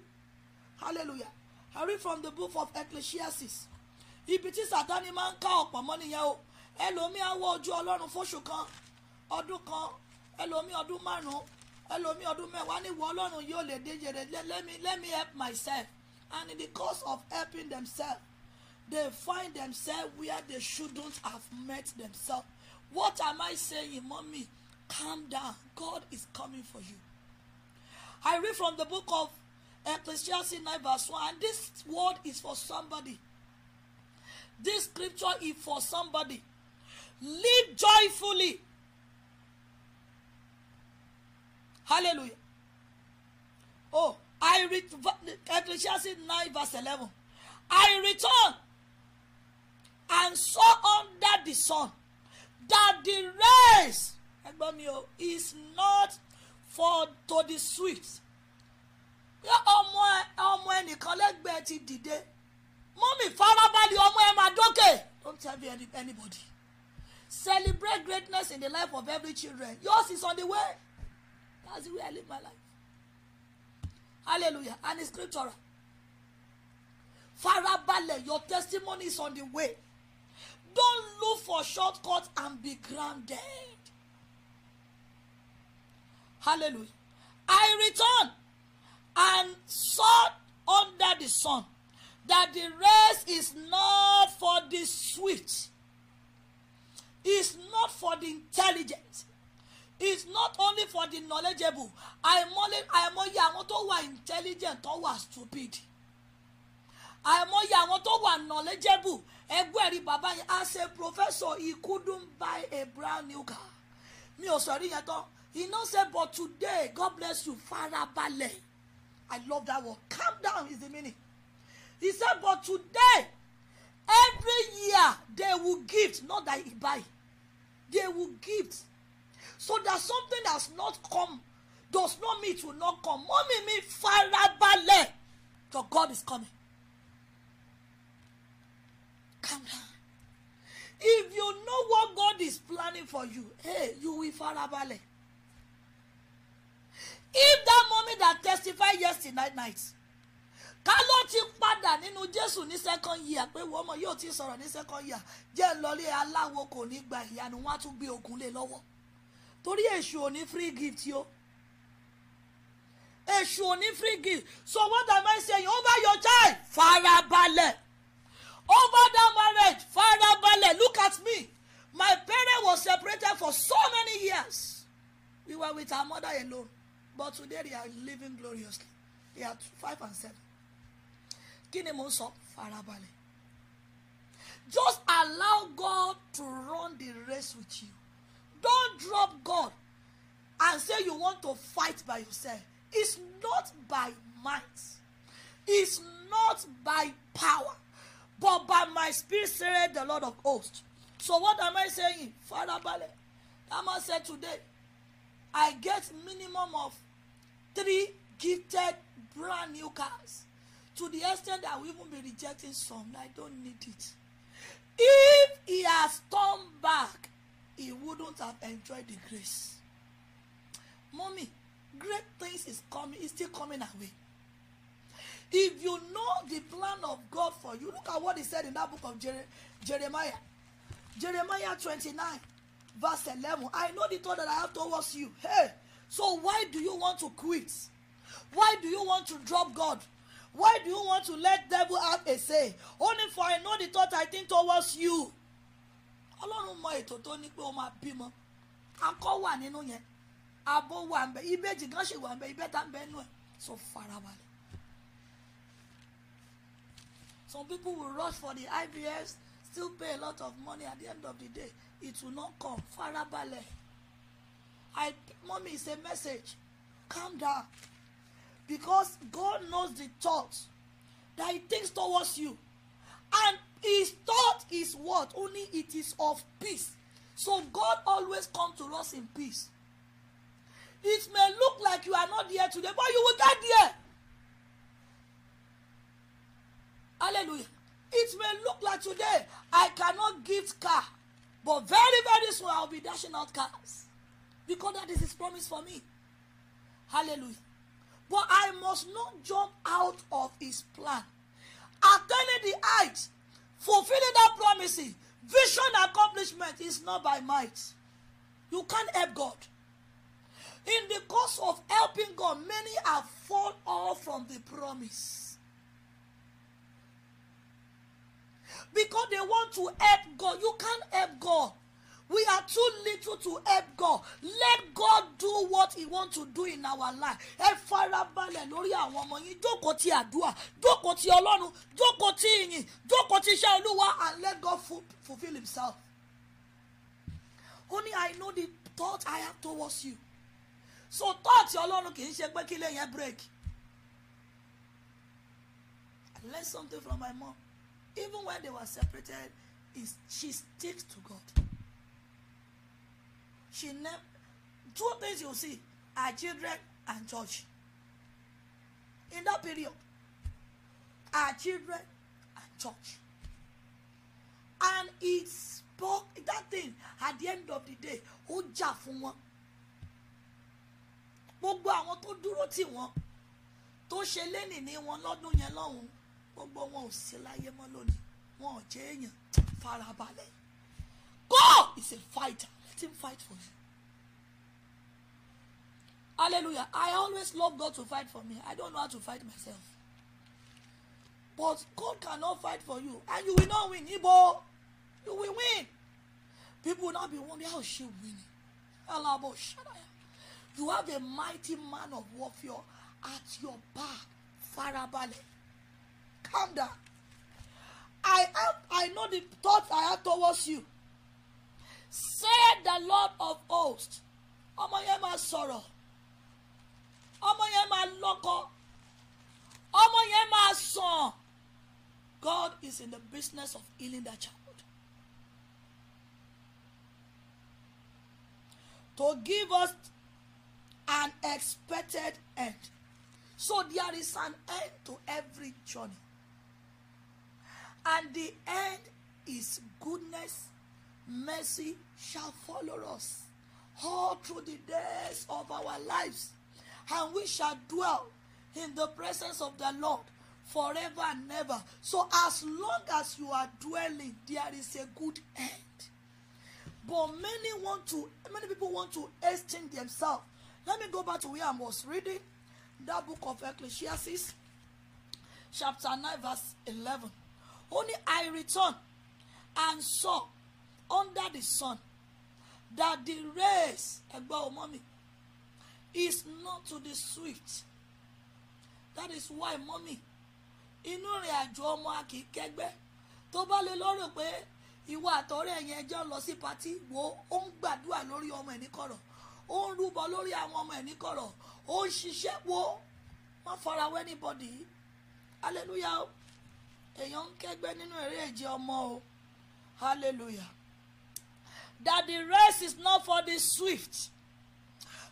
Hallelujah. I read from the book of Ecclesiastes. Ibi tí Sàtánì máa ń ká ọ̀pọ̀ mọ́ nìyẹn o. Ẹlòmíì á wọ ojú Ọlọ́run fóṣù kan, ọdún kan, ẹlòmíì ọdún márùn-ún, ẹlòmíì ọdún mẹ́wàá ní ìwọ Ọlọ́run yóò lè dé Let me let me help myself and in the course of helping themselves they find themselves where they shouldn't have met themselves. What am I saying, mommy? Calm down. God is coming for you. I read from the book of Ecclesiastes 9, verse 1, and this word is for somebody. This scripture is for somebody. Live joyfully. Hallelujah. Oh, I read Ecclesiastes 9, verse 11. I return and sow under the sun that the race ẹgbọ́n mi o is not for to the swift yọ ọmọ ọmọ ẹnìkan lẹ́gbẹ̀ẹ́ ti dìde mọ́mì farabalẹ̀ ọmọ ẹ máa dókè don't tell me anybody celebrate greatness in the life of every children yours is on the way that's the way I live my life hallelujah and it's scriptural farabalẹ̀ your testimony is on the way. Don't look for shortcuts and be grounded. Hallelujah. I return and sought under the sun that the race is not for the sweet, is not for the intelligent, is not only for the knowledgeable. Àìmọye àìmọye àwọn tó wà intelligent tó wà stupid. Àìmọye àwọn tó wà knowledgeable ẹgbẹ́ ẹ̀rí bàbá yẹn as a professor he couldn't buy a brand new car mi ò sọ̀rí yẹn tán he know say but today God bless you farabalẹ̀ I love that word calm down is the meaning he say but today every year they will gift not that he buy they will gift so that something that's not come does not mean it will not come mommy mi farabalẹ̀ your God is coming for you hey you will farabalẹ̀ if that mommy that testify yesterday night ká ló ti padà nínú Jésù ní second year pé wọ́n mọ̀ yóò ti sọ̀rọ̀ ní second year jẹ́ lọ́lé aláwo kò ní gba ìyanu wọ́n á tún gbé ogun lé lọ́wọ́ torí èṣù ò ní free gift yó èṣù ò ní free gift so what am I saying over your child farabalẹ̀ over that marriage farabalẹ̀ look at me. My parents were separated for so many years. We were with our mother alone. But today they are living gloriously. They are five and seven. Kí ni mo sọ? Farabalẹ̀. Just allow God to run the race with you. Don't drop God and say you want to fight by yourself. It's not by might. It's not by power. But by my spirit, said the Lord of hosts. So what am I saying? Father Bale? Farabalẹ̀. Dama say today, I get minimum of three gifted brand new cars to the extent that I will even be rejecting some. I don't need it. If he has turned back, he wouldn't have enjoyed the grace. Mommy, great things is coming, is still coming away. If you know the plan of God for you, look at what he said in that book of Jeremiah. Jeremiah 29, verse 11. I know the thought that I have towards you. Hey, so why do you want to quit? Why do you want to drop God? Why do you want to let devil have a say? Only for I know the thought I think towards you. Ọlọ́run mọ ètò tó ní pé ó máa bímọ. Akọ́ wà nínú yẹn. Abo wà ń bẹ. Ìbejì kan ṣì wà ń bẹ. Ìbẹ́ta ń bẹ nú ẹ̀. So farabalẹ̀. Some people will rush for the IBS still pay a lot of money at the end of the day it will not come farabale. i mommy is a message calm down because god knows the thoughts that he thinks towards you and his thought is what only it is of peace so god always come to us in peace it may look like you are not there today but you will get there hallelujah it may look like today I cannot gift car but very very soon I will be dashing out cars because that is his promise for me hallelujah but I must not jump out of his plan attaining the height fulfilling that promise vision accomplishment is not by might you can't help God in the course of helping God many have fall off from the promise because they want to help God. You can't help God. We are too little to help God. Let God do what He wants to do in our life. Ẹ farabalẹ̀ lórí àwọn ọmọ yín. Jókòó ti àdúrà. Jókòó ti Ọlọ́run. Jókòó ti ìyìn. Jókòó ti iṣẹ́ Olúwa and let God fulfill himself. Only I know the thought I have towards you. So thought Ọlọ́run kì í ṣe pé kí lè yẹn break. I learned something from my mom even when they were separated is she sticks to god she never two things you see are children and church in that period are children and church and it spoke that thing at the end of the day ó jà fún wọn gbogbo àwọn tó dúró tì wọn tó ṣe lénìí ní wọn lọ́dún yẹn lọ́hùn-ún gbogbo wọn ò sí láyé mọ́ lónìí wọn ò jẹ́ èèyàn farabalẹ̀ God is a fighter let him fight for you hallelujah I always love God to fight for me I don't know how to fight myself but God cannot fight for you and you will not win ibo you will win people will not be wondering how she winning alabo shadaya you have a mighty man of warfare at your back farabalẹ̀ calm down. I am I know the thoughts I have towards you. Said the Lord of hosts. Ọmọ yẹn máa sọ̀rọ̀. Ọmọ yẹn máa lọ́kọ. Ọmọ yẹn máa sàn. God is in the business of healing that child. To give us an expected end. So there is an end to every journey and the end is goodness mercy shall follow us all through the days of our lives and we shall dwell in the presence of the lord forever and ever so as long as you are dwelling there is a good end but many want to many people want to extend themselves let me go back to where i was reading that book of ecclesiastes chapter 9 verse 11 ó ní I return and saw under the sun that the race ẹgbẹ́ ọmọ mi is not to the swift that is why mọ́mì inú ìrìn àjò ọmọ a kì í kẹ́gbẹ́ tó bá lè lọ́rọ̀ pé ìwọ àtọ́rẹ́ yẹn jọ lọ sí patí wo ó ń gbàdúrà lórí ọmọ ẹ̀ ní kọ̀rọ̀ ó ń rúbọ lórí àwọn ọmọ ẹ̀ ní ó ń ṣiṣẹ́ wo má fara wẹ́ anybody hallelujah èèyàn ń kẹ́gbẹ́ nínú eré ìje ọmọ o hallelujah that the race is not for the swift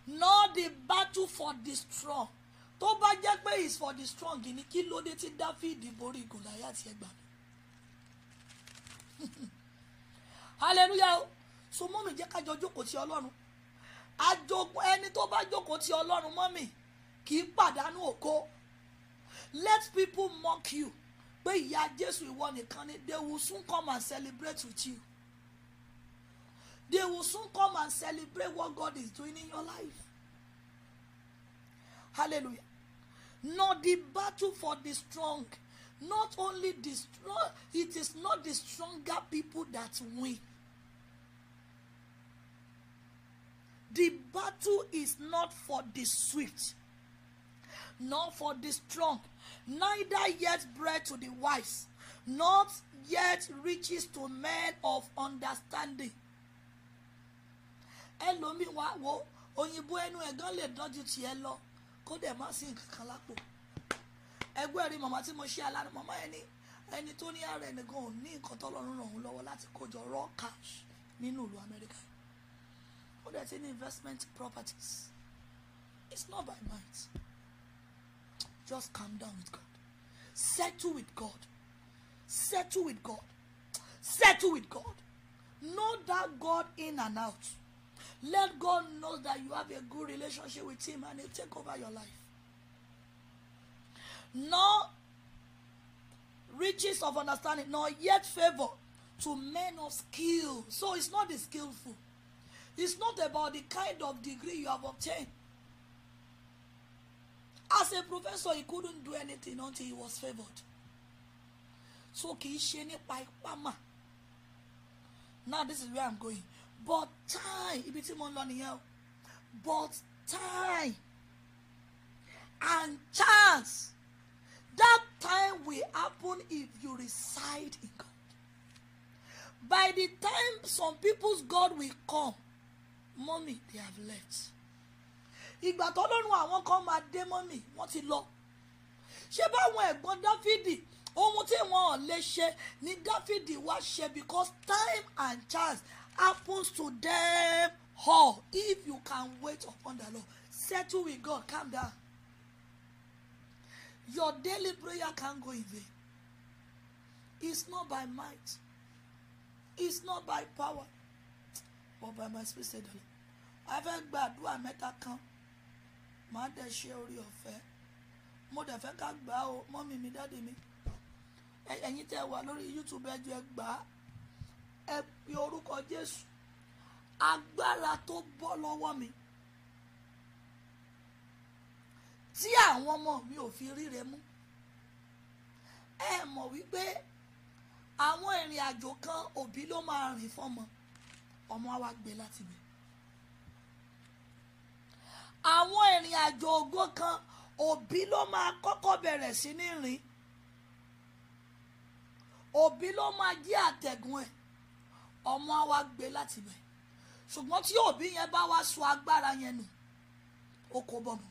nor the battle for the strong tó bá jẹ́ pé is for the strong ni kí ló dé tí Dáfídì borí Gòláyátì ẹgbà mi hallelujah so mọ́mì jẹ́ kájọ jókòó ti Ọlọ́run àjogún ẹni tó bá jókòó ti Ọlọ́run mọ́mì kì í pàdánù ògo let people mock you pé ìyá jésù ìwọ nìkan ni they will soon come and celebrate with you they will soon come and celebrate what God is doing in your life hallelujah not the battle for the strong not only the strong it is not the stronger people that win the battle is not for the swift nor for the strong neither yet bread to the wise, not yet riches to men of understanding. ẹlòmíì wá wo òyìnbó ẹnu ẹ̀gán lè dánjú tiẹ̀ lọ kó dẹ̀ má sí nǹkan kan lápò ẹgbẹ́ rí màmá tí mo ṣe aláàánú màmá ẹni ẹni tó ní ara ẹni gan ò ní nǹkan tọ́lọ́run ràn òun lọ́wọ́ láti kójọ raw cash nínú ìlú Amẹ́ríkà ó dẹ̀ ti ní investment properties it's not by might. Just calm down with God. Settle with God. Settle with God. Settle with God. Know that God in and out. Let God know that you have a good relationship with Him and He'll take over your life. No riches of understanding, nor yet favor to men of skill. So it's not the skillful, it's not about the kind of degree you have obtained as a professor he couldn't do anything until he was favoured so kì í ṣe nípa ipá mà now this is where i'm going but time ibi tí mo ń lọ nìyẹn o but time and chance that time will happen if you reside in God by the time some people's God will come money they have left ìgbà tọ́lọ́run àwọn kan máa dé mọ́ mi wọ́n ti lọ ṣé báwọn ẹ̀gbọ́n dáfídì ohun tí wọn ò lè ṣe ni dáfídì wá ṣe because time and chance happens to them all if you can wait upon the Lord settle with God calm down your daily prayer can't go in vain it's not by might it's not by power but by my spirit said the Lord a fẹ́ gbàdúrà mẹ́ta kan màá dẹ̀ ṣe orí ọ̀fẹ́ mo dẹ̀ fẹ́ ká gbà á o mọ́mì mi dáàdì mi ẹ̀yin tẹ́ wà lórí YouTube ẹ jọ̀ọ́ ẹ gbà á ẹ pe orúkọ Jésù agbára tó bọ́ lọ́wọ́ mi tí àwọn ọmọ mi ò fi ríre mú ẹ mọ̀ wípé àwọn ìrìn àjò kan òbí ló máa rìn fọ́mọ ọmọ wa gbé láti bẹ̀ àwọn àjò ògo kan òbí ló máa kọ́kọ́ bẹ̀rẹ̀ sí ní rìn òbí ló máa jẹ́ àtẹ̀gùn ẹ̀ ọmọ wa gbé láti bẹ̀ ṣùgbọ́n tí òbí yẹn bá wá sọ agbára yẹn nù o kò bọ̀mù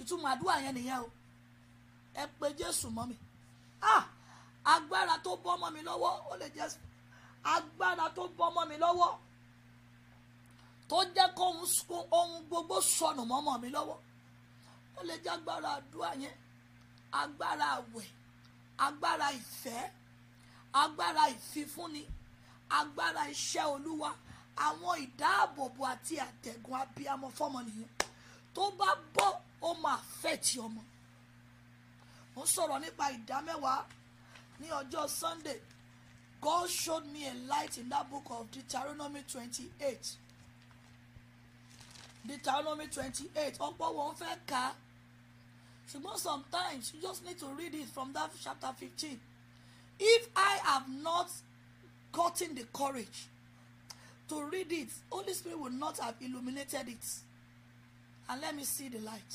ìtumọ̀ àdúrà yẹn nìyẹn o ẹ pé Jésù mọ́ mi ah agbára tó bọ́ mọ́ mi lọ́wọ́ ó lè jẹ́ agbára tó bọ́ mọ́ mi lọ́wọ́ tó jẹ́ kó ohun gbogbo sọnù mọ́mọ́ mi lọ́wọ́ ó lè jẹ́ agbára àdúrà yẹn agbára àwẹ̀ agbára ìfẹ́ agbára ìfifúnni agbára iṣẹ́ olúwa àwọn ìdáàbòbò àti àtẹ̀gùn abiyamọ fọ́mọ nìyẹn tó bá bọ́ ó máa fẹ̀tì ọmọ mo sọ̀rọ̀ nípa ìdámẹ́wàá ní ọjọ́ Sunday God showed me a light in that book of Deuteronomy twenty-eight Deuteronomy twenty-eight ọ̀pọ̀ wọn fẹ́ kà á ṣùgbọ́n sometimes you just need to read it from that chapter fifteen if I have not gotten the courage to read it Holy Spirit will not have illuminated it and let me see the light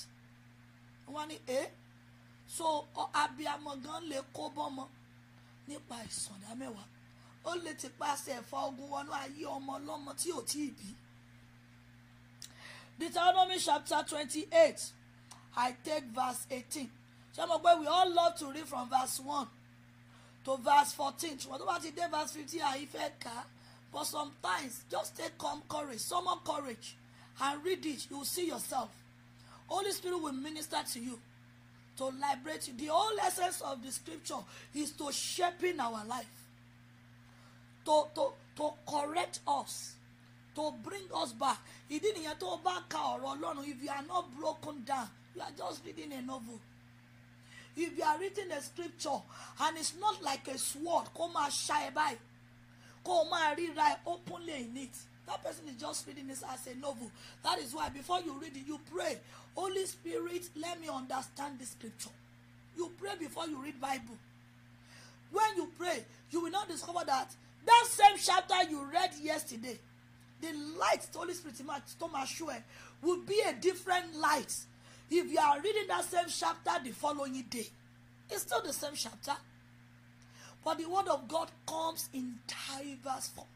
wọ́n ní eh so abiyamọ gan lè kó bọ́mọ nípa ìsọ̀dá mẹ́wàá ó lè ti pàṣẹ ẹ̀fọ́ ogun wọnú ayé ọmọ ọlọ́mọ tí ò tí ì bí. Deuteronomy chapter twenty-eight I take verse eighteen ṣé mo pé we all love to read from verse one to verse fourteen ṣùgbọ́n tó bá ti dé verse fifteen àyè fẹ́ kà á but sometimes just take calm courage summon courage and read it you will see yourself Holy Spirit will minister to you to liberate you the whole essence of the scripture is to shaping our life to to to correct us to bring us back ìdí nìyẹn tó bá ka ọ̀rọ̀ ọlọ́run if you are not broken down you are just reading a novel if you are reading a scripture and it's not like a sword kó máa ṣá ẹ báyìí kó máa ríra ẹ openly in it that person is just reading this as a novel that is why before you read it you pray holy spirit let me understand this scripture you pray before you read bible when you pray you will not discover that that same chapter you read yesterday the light the Holy Spirit tó máa ṣú ẹ will be a different light if you are reading that same chapter the following day it's still the same chapter but the word of God comes in diverse form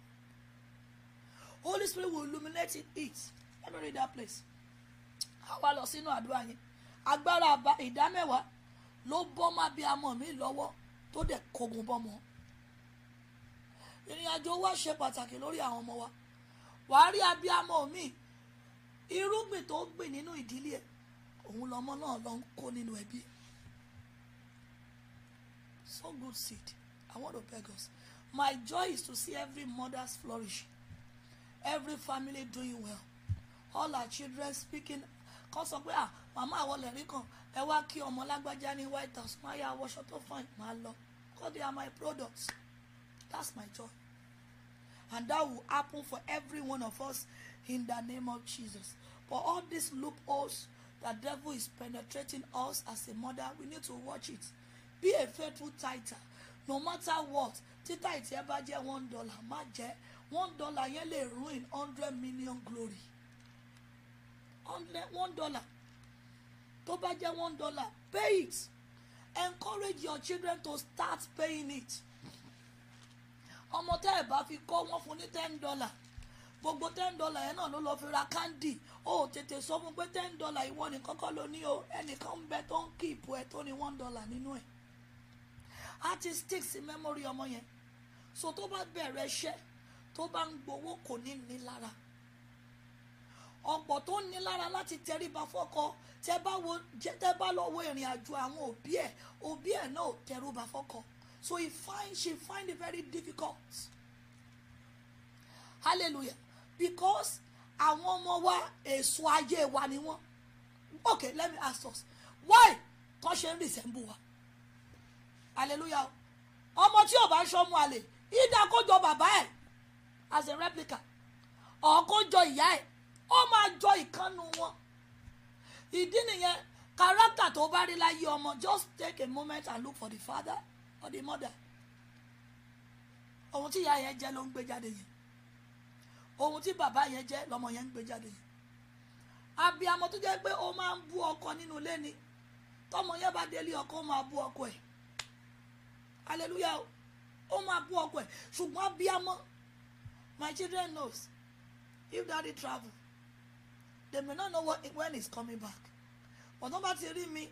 Holy Spirit will illuminate it let me read that place àwa lọ sínú àdúrà yẹn agbára ìdámẹ́wàá ló bọ́ bí amọ̀ mi lọ́wọ́ tó dẹ̀ kogun bọ́mọ ìrìn àjò wa ṣe pàtàkì lórí àwọn ọmọ wa wàá rí abiyamọ mi irúgbìn tó gbìn nínú ìdílé òun lọmọ náà lọ ń kó nínú ẹbí so good seed I want to beg us my joy is to see every mother's flourish every family doing well all our children speaking kọ́ sọ pé ah màmá àwọn lẹ́rìí kan ẹ wá kí ọmọ lágbájá ní white house máa yá wọṣọ tó fine máa lọ God they are my products that's my joy And that will happen for every one of us in the name of Jesus. For all these loopholes, the devil is penetrating us as a mother. We need to watch it. Be a faithful tither. No matter what, títà ìtì ever bá one dollar má one dollar yẹn ruin hundred million glory. Only one dollar tó bá jẹ́ one dollar pay it. Encourage your children to start paying it ọmọ tẹ́ ẹ̀ bá fi kọ́ wọ́n fún ní ten dollar gbogbo ten dollar yẹn náà ló lọ́ọ́ fi ra candy ó tètè sọ fún pé ten dollar ìwọ nìkan kọ́ ló ní o ẹnìkan ń bẹ tó ń kíìpù ẹ tó ní one dollar nínú ẹ̀ á ti stick sí memory ọmọ yẹn so tó bá bẹ̀rẹ̀ iṣẹ́ tó bá ń gbowó kò ní ní lára ọ̀pọ̀ tó ní lára láti tẹríba fọ́kọ tẹ bá lọ wo ìrìn àjò àwọn òbí ẹ̀ òbí ẹ̀ náà tẹrúba fọ́kọ So he find she find it very difficult. Hallelujah. Because àwọn ọmọ wa èso ayé wa ni wọ́n. Okay, let me ask us. Why? Kan ṣe ń resemble wa. Hallelujah. Ọmọ tí ò bá ń ṣọmú àlè, ìdá kó jọ bàbá ẹ̀ as a replica. Ọ̀ kó jọ ìyá ẹ̀. Ó máa jọ ìkànnù wọn. Ìdí nìyẹn character tó bá rí láyé ọmọ just take a moment and look for the father ó di mọ́dà ohun tí ìyá yẹn jẹ ló ń gbé jáde yìí ohun tí bàbá yẹn jẹ lọmọ yẹn ń gbé jáde yìí abiyamọ tó jẹ́ pé ó máa ń bú ọkọ nínú ilé ni tọmọ yẹn bá délé ọkọ ó máa bú ọkọ ẹ̀ hallelujah ó máa bú ọkọ ẹ̀ ṣùgbọ́n abiyamọ my children knows if daddy travel they may not know what, when he's coming back ọ̀nà bá ti rí mi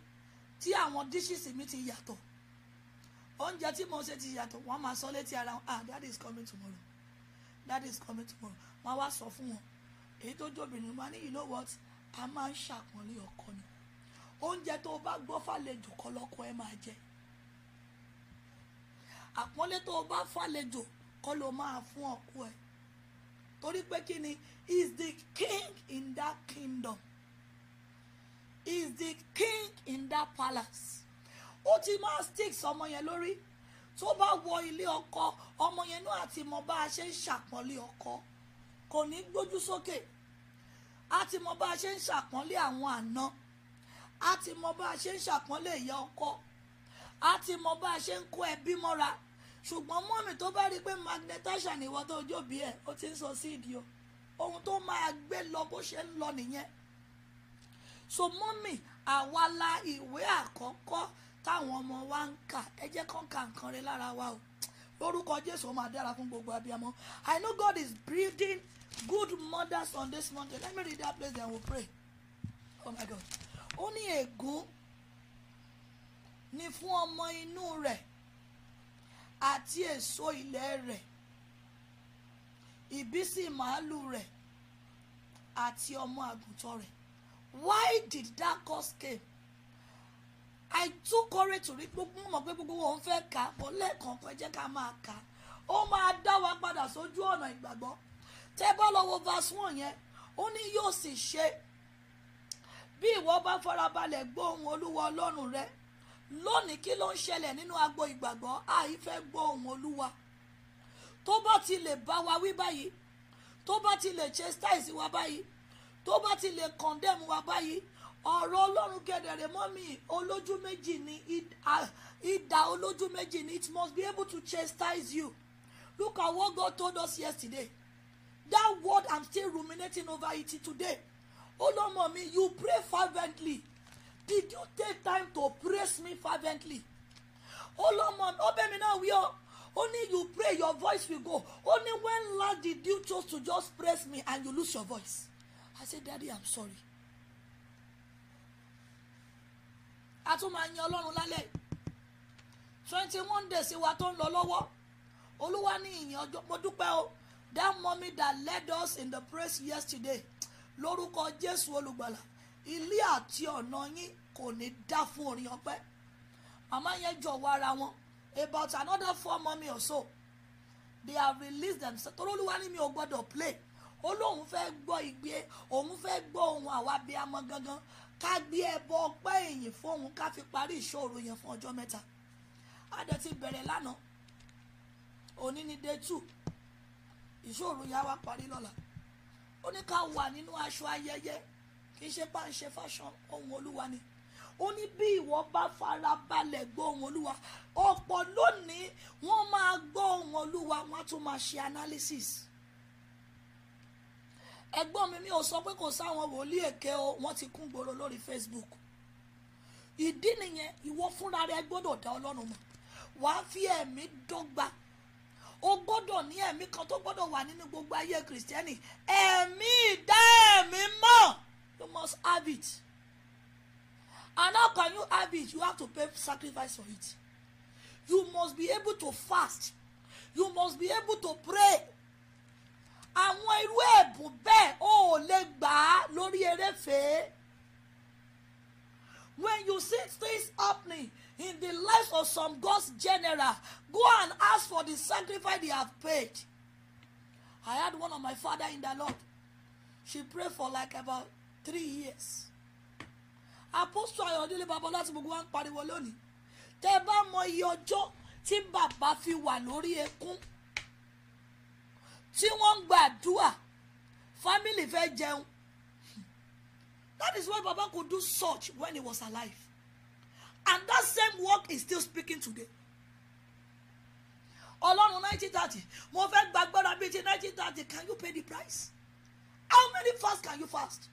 tí àwọn dishes mi ti yàtọ̀ oúnjẹ tí mo ṣe ti yàtọ̀ wọ́n máa sọ létí ara wọn ah that is coming tomorrow that is coming tomorrow wọ́n wá sọ fún wọn èyí tó jóbìnrin wọn ní you know what a máa ń ṣàpọ́nlé ọkọ ni oúnjẹ tó o bá gbọ́ fàlejò kọ́ lọ́kọ ẹ máa jẹ àpọ́nlé tó bá fàlejò kọ́ ló máa fún ọkọ ẹ torí pé kí ni he is the king in that kingdom he is the king in that palace ó ti máa stick ọmọ yẹn lórí tó bá wọ ilé ọkọ ọmọ yẹn náà àti mọ bá a ṣe ń ṣàpọ́nlé ọkọ kò ní gbójú sókè a ti mọ bá a ṣe ń ṣàpọ́nlé àwọn àna a ti mọ bá a ṣe ń ṣàpọ́nlé ìyá ọkọ a ti mọ bá a ṣe ń kó ẹbí mọ́ra ṣùgbọ́n mọ́mì tó bá rí i pé magnetation ìwọ tó jóbi ẹ̀ ó ti ń sọ sí ìdí o ohun tó máa gbé lọ bó ṣe ń lọ nìyẹn so mọ́mì àwa la ìwé àkọ́kọ́ táwọn ọmọ wa ń kà ẹ jẹ́ kán ka nǹkan rẹ lára wa o lórúkọ Jésù ọmọ àdára fún gbogbo abiyamọ I know God is breathing good mothers on this mountain let me read that place then we we'll pray oh my God ó ní ègún ni fún ọmọ inú rẹ̀ àti èso ilẹ̀ rẹ̀ ìbísí màálù rẹ̀ àti ọmọ àgùntàn rẹ̀ why did that cause came I too courage to read gbogbo mọ̀ pé gbogbo wọn fẹ́ kà á bọ̀ lẹ́ẹ̀kọ̀ọ̀kan jẹ́ ká máa kà á ó máa dá wa padà sójú ọ̀nà ìgbàgbọ́ tẹ́ bá lọ wo verse one yẹn ó ní yóò sì ṣe bí ìwọ bá farabalẹ̀ gbọ́ ohùn olúwa ọlọ́run rẹ lónìí kí ló ń ṣẹlẹ̀ nínú agbo ìgbàgbọ́ àìfẹ́ gbọ́ ohùn olúwa tó bá ti lè bá wa wí báyìí tó bá ti lè chastise wa báyìí tó bá ti lè condemn wa báyìí ọ̀rọ̀ ọlọ́run gẹ̀dẹ̀rẹ̀ mọ́ mi olójú méjì ni idà olójú méjì ni it must be able to chastise you look at what God told us yesterday that word I'm still ruminating over it today olómọ mi you pray fervently did you take time to praise me fervently olómọ ọbẹ̀ mi náà wí ọ́ only you pray your voice will go only when last did you chose to just praise me and you lose your voice I say daddy I'm sorry a tún máa yan ọlọ́run lálẹ́ twenty one days wa tó ń lọ lọ́wọ́ olúwa ní ìyìn ọjọ́ mo dúpẹ́ o that mommy that led us in the praise yesterday lórúkọ jésù olùgbàlà ilé àti ọ̀nà yín kò ní dá fún orin ọpẹ́ màmá yẹn jọ̀wọ́ ara wọn about another four mommy or so they have released them torí olúwa ní mi ò gbọ́dọ̀ play ó lóun fẹ́ gbọ́ igbe òun fẹ́ gbọ́ ohun àwa bí amọ gangan ká gbé ẹbọ ọpẹ́ èyìn fóun ká fi parí ìṣòro yẹn fún ọjọ́ mẹ́ta a dẹ̀ ti bẹ̀rẹ̀ lánàá òní ni day two ìṣòro yẹn á wá parí lọ́la ó ní ká wà nínú aṣọ ayẹyẹ kì í ṣe bá ń ṣe fashion ohun olúwa ni ó ní bí ìwọ bá fara balẹ̀ gbọ́ ohun olúwa ọ̀pọ̀ lónìí wọ́n máa gbọ́ ohun olúwa wọ́n á tún máa ṣe analysis ẹ̀gbọ́n mi mi ò sọ pé kò sáwọn wòlíì èké o wọ́n ti kún gbòòrò lórí Facebook ìdí nìyẹn ìwọ fúnra rẹ gbọ́dọ̀ dá Ọlọ́run mọ̀ wàá fi ẹ̀mí dọ́gba o gbọ́dọ̀ ní ẹ̀mí kan tó gbọ́dọ̀ wà nínú gbogbo ayé kìrìsìtẹ́nì ẹ̀mí ìdá ẹ̀mí mọ̀ you must have it and how can you have it you have to pay sacrifice for it you must be able to fast you must be able to pray àwọn irú ẹ̀bùn bẹ́ẹ̀ o lè gbà á lórí eréfèé. When you see things happening in the life of some God's general, go and ask for the sacrifice they have paid. I had one of my father in the Lord. She prayed for like about three years. Apostle Ayọ̀délé Babalá tí gbogbo wa ń pariwo lónìí. Tẹ́ bá mọ iye ọjọ́ tí bàbá fi wà lórí ẹkún. E tí wọ́n ń gbàdúrà family fẹ́ jẹun that is why baba could do such when he was alive and that same work is still speaking today ọlọ́run nineteen thirty mo fẹ́ gbàgbọ́ra bíi ti nineteen thirty can you pay the price how many fast can you fast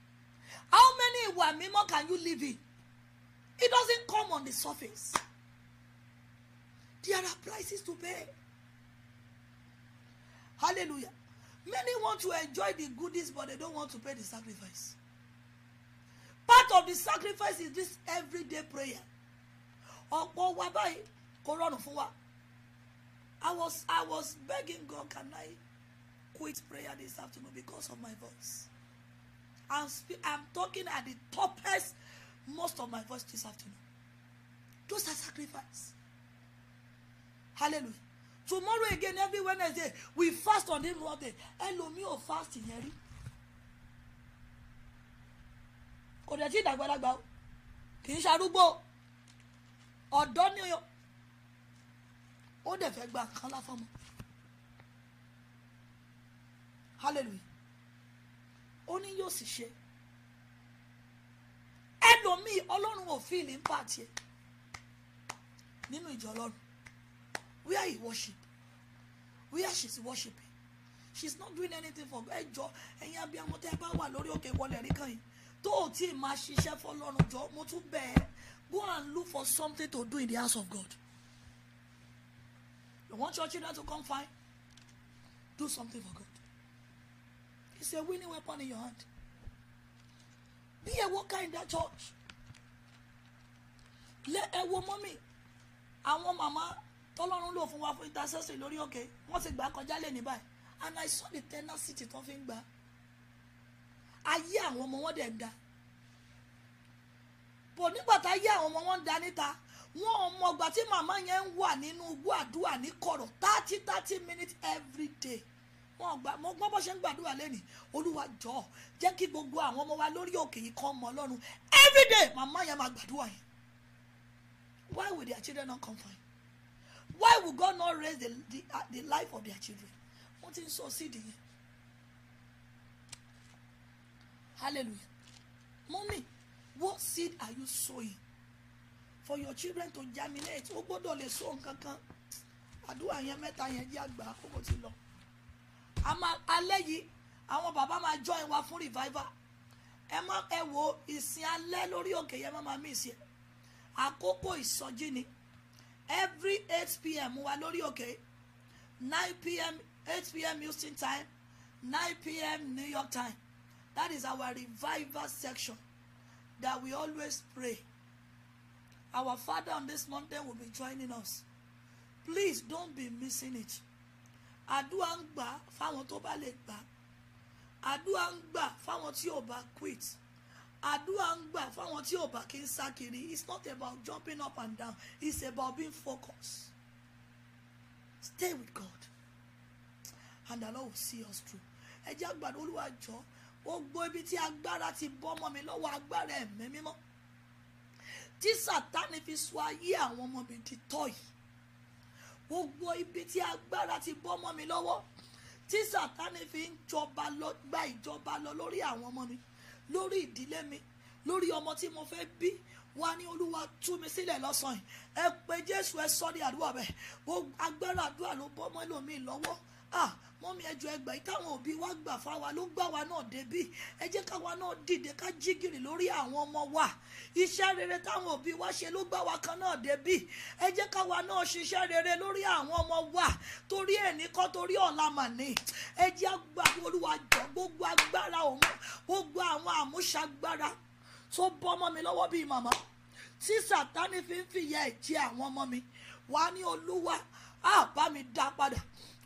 how many ìwà mímọ́ can you live in it doesn't come on the surface there are prices to pay. Hallelujah. Many want to enjoy the goodies, but they don't want to pay the sacrifice. Part of the sacrifice is this everyday prayer. Ọ̀pọ̀ wa báyìí kò rọrùn fún wa. I was I was begging God, can I quit prayer this afternoon because of my voice? I'm spe- I'm talking at the toughest most of my voice this afternoon. Those are sacrifice. Hallelujah tomorrow again every wednesday we fast on this monday ẹlòmíì ò fast yẹn rí kò dẹ̀ tí ìdàgbàlagbà o kì í ṣarúgbó ọ̀dọ́ ni ó dẹ̀ fẹ́ gba nǹkan láfọ́mọ́ hallelujah ó ní yóò sì ṣe ẹlòmíì ọlọ́run ò fíìlì ń pàtì nínú ìjọ ọlọ́run where he worship where she's worshiping she's not doing anything for God ẹ jọ ẹ̀yin abiyamọ tẹ́ ẹ bá wà lórí òkè wọlé rí kan yìí tó o tí ì máa ṣiṣẹ́ fọ́lọ́run jọ mo tún bẹ̀ ẹ́ go and look for something to do in the house of God you want your children to come fine do something for God it's a winning weapon in your hand be a worker in that church lẹ ẹ wo mọ́mì àwọn màmá tọ́lọ́run lò fún wa fún intercessory lórí òkè wọ́n ti gbà kọjá lè ní báyìí and I saw the tenacity tó fi ń gbà ayé àwọn ọmọ wọn dẹ̀ ń da bò nígbà tá ayé àwọn ọmọ wọn ń da níta wọn ò mọ ọgbà tí màmá yẹn ń wà nínú igbó àdúrà ní kọ̀rọ̀ thirty thirty minutes every day wọn gbà mo gbọ́ bó ṣe ń gbàdúrà lẹ́nìí olúwa jọ jẹ́ kí gbogbo àwọn ọmọ wa lórí òkè yìí kan mọ́ ọlọ́run every day màmá yẹn máa gbàdúrà yẹn why will their children not come for you why will God not raise the the, uh, the life of their children wọ́n ti ń sọ sídìí yẹn hallelujah mommy, what seed are you sowing for your children to germinate o gbọ́dọ̀ lè so nǹkan kan àdúrà yẹn mẹ́ta yẹn jẹ́ àgbà àkókò ti lọ alẹ́ yìí àwọn bàbá máa join wa fún revival ẹ má ẹ wo ìsìn alẹ́ lórí òkè yẹn má máa mí ìsìn àkókò ìsọjí ni every eight pm wa lórí òkè nine pm eight pm Houston time nine pm New York time that is our revival section that we always pray our father on this mountain will be joining us please don't be missing it àdúrà ń gbà fáwọn tó bá lè gbà àdúrà ń gbà fáwọn tí ò bá quit àdúrà ń gbà fáwọn tí ò bá kí ń sá kiri it's not about jumping up and down it's about being focused stay with God and the Lord will see us through ẹ jẹ́ àgbàdo olúwa jọ gbogbo ibi tí agbára ti bọ́ ọmọ mi lọ́wọ́ agbára ẹ̀mí mímọ́ tí sàtánì fi sọ ayé àwọn ọmọ mi di tọ́ yìí gbogbo ibi tí agbára ti bọ́ ọmọ mi lọ́wọ́ tí sàtánì fi ń jọba lọ gba ìjọba lọ lórí àwọn ọmọ mi lórí ìdílé mi lórí ọmọ tí mo fẹ́ bí wá ní olúwa tú mi sílẹ̀ lọ́sàn-án ẹ pé jésù ẹ sọ ní àdúrà bẹ́ẹ̀ agbára àdúrà ló bọ́ mọ́ ẹlòmíì lọ́wọ́ ah mọ́mí ẹjọ́ ẹgbà yìí táwọn òbí wa gbà fáwa ló gbà wá náà débí ẹ jẹ́ káwa náà dìde ká jígìrì lórí àwọn ọmọ wa iṣẹ́ rere táwọn òbí wa ṣe ló gbà wá kan náà débí ẹ jẹ́ káwa náà ṣiṣẹ́ rere lórí àwọn ọmọ wa torí ẹ̀ní kọ́ torí ọ̀la mà ní ẹ jẹ́ àgbà olúwa jọ gbogbo agbára òun gbogbo àwọn àmúṣagbára tó bọ́ ọmọ mi lọ́wọ́ bíi màmá tí sàtánì fi ń fìyà ẹ̀ jẹ àwọn ọmọ mi wàá ní olúwa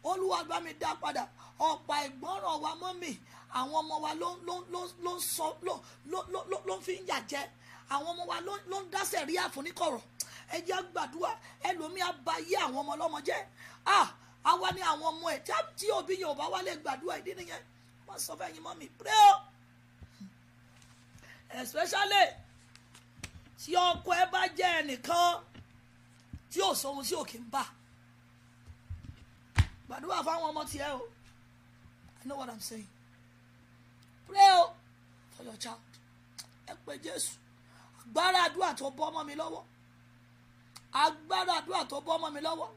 olúwa bá mi dá padà ọ̀pá ìgbọ́ràn wa mọ́ mi àwọn ọmọ wa ló ń sọ ló ń fi ń yà jẹ àwọn ọmọ wa ló ń dásẹ̀ rí àfoníkọ̀rọ̀ ẹ jẹ́ gbàdúrà ẹlòmíà bá yé àwọn ọmọ ọlọ́mọ jẹ́ àwa ni àwọn ọmọ ẹ̀ tí òbí yẹn ò bá wálé gbàdúrà ìdí nìyẹn wọ́n sọ fẹ́ yín mọ́ mi pray o especially tí ọkọ ẹ bá jẹ́ ẹnìkan tí ò sọ ohun tí ò kí ń bà. But do I find one more o I know what I'm saying pray o for your child ẹ pé Jésù agbára àdúrà tó bọ́ ọmọ mi lọ́wọ́ agbára àdúrà tó bọ́ ọmọ mi lọ́wọ́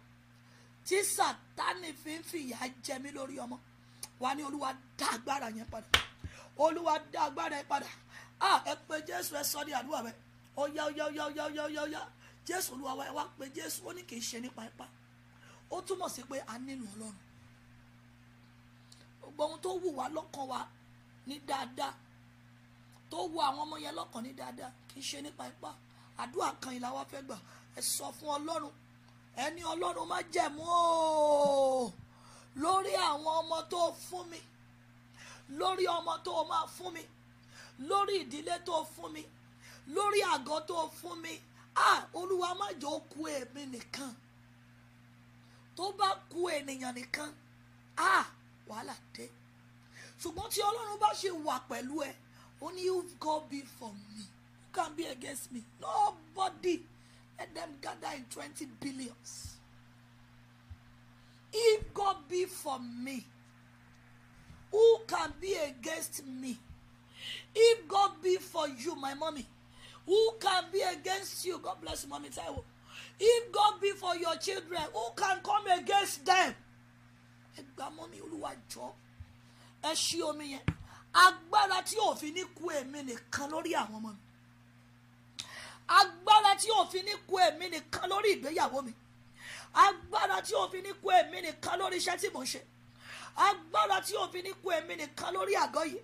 tí Sátánì fi ń fìyà jẹ mí lórí ọmọ wa ní Olúwa dá agbára yẹn padà Olúwa dá agbára yẹn padà ah ẹ pé Jésù ẹ sọ ní àdúrà rẹ ó yá ó yá ó yá ó yá ó yá ó yá Jésù Olúwa wa ẹ wá pé Jésù ó ní kì í ṣe nípa ẹ pa ó túmọ̀ sí pé a nílò ọlọ́run gbogbo ohun tó wù wá lọ́kàn wa ní dáadáa tó wù àwọn ọmọ yẹn lọ́kàn ní dáadáa kì í ṣe nípa ipá àdúrà kan ìlà wa fẹ́ gbà ẹ sọ fún ọlọ́run ẹni ọlọ́run má jẹ̀mú ooo lórí àwọn ọmọ tó fún mi lórí ọmọ tó máa fún mi lórí ìdílé tó fún mi lórí àgọ́ tó fún mi ah olúwa má jẹ́ ó kú èmi nìkan tó bá ku ènìyàn nìkan a wàhálà dé ṣùgbọ́n tí ọlọ́run bá ṣe wà pẹ̀lú ẹ ó ní you've got be for me who can be against me nobody let them gather in twenty billions if God be for me who can be against me if God be for you my mommy who can be against you God bless you mommy Taiwo If God be for your children, who can come against them? Ẹ gba mọ́ mi olúwa jọ. Ẹ ṣí omi yẹn. Agbára tí òfin ní kú èmi nìkan lórí àwọn ọmọ mi. Agbára tí òfin ní kú èmi nìkan lórí ìgbéyàwó mi. Agbára tí òfin ní kú èmi nìkan lórí iṣẹ́ tí mò ń ṣe. Agbára tí òfin ní kú èmi nìkan lórí àgọ́ yìí.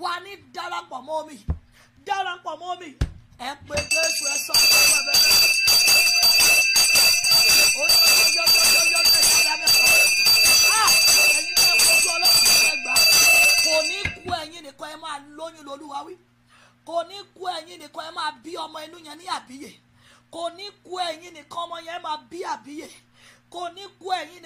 Wà ní darapọ̀ mọ́ mi. Darapọ̀ mọ́ mi. Ẹ pé Jésù ẹ sọ fún ọmọ bẹ́ẹ̀ kò ní kú ẹ̀yin nìkan ẹ máa lóyún lolúwa wí kò ní kú ẹ̀yin nìkan ẹ máa bí ọmọ inú yẹn ní àbíyè kò ní kú ẹ̀yin nìkan ọmọ yẹn máa bí àbíyè kò ní kú ẹ̀yin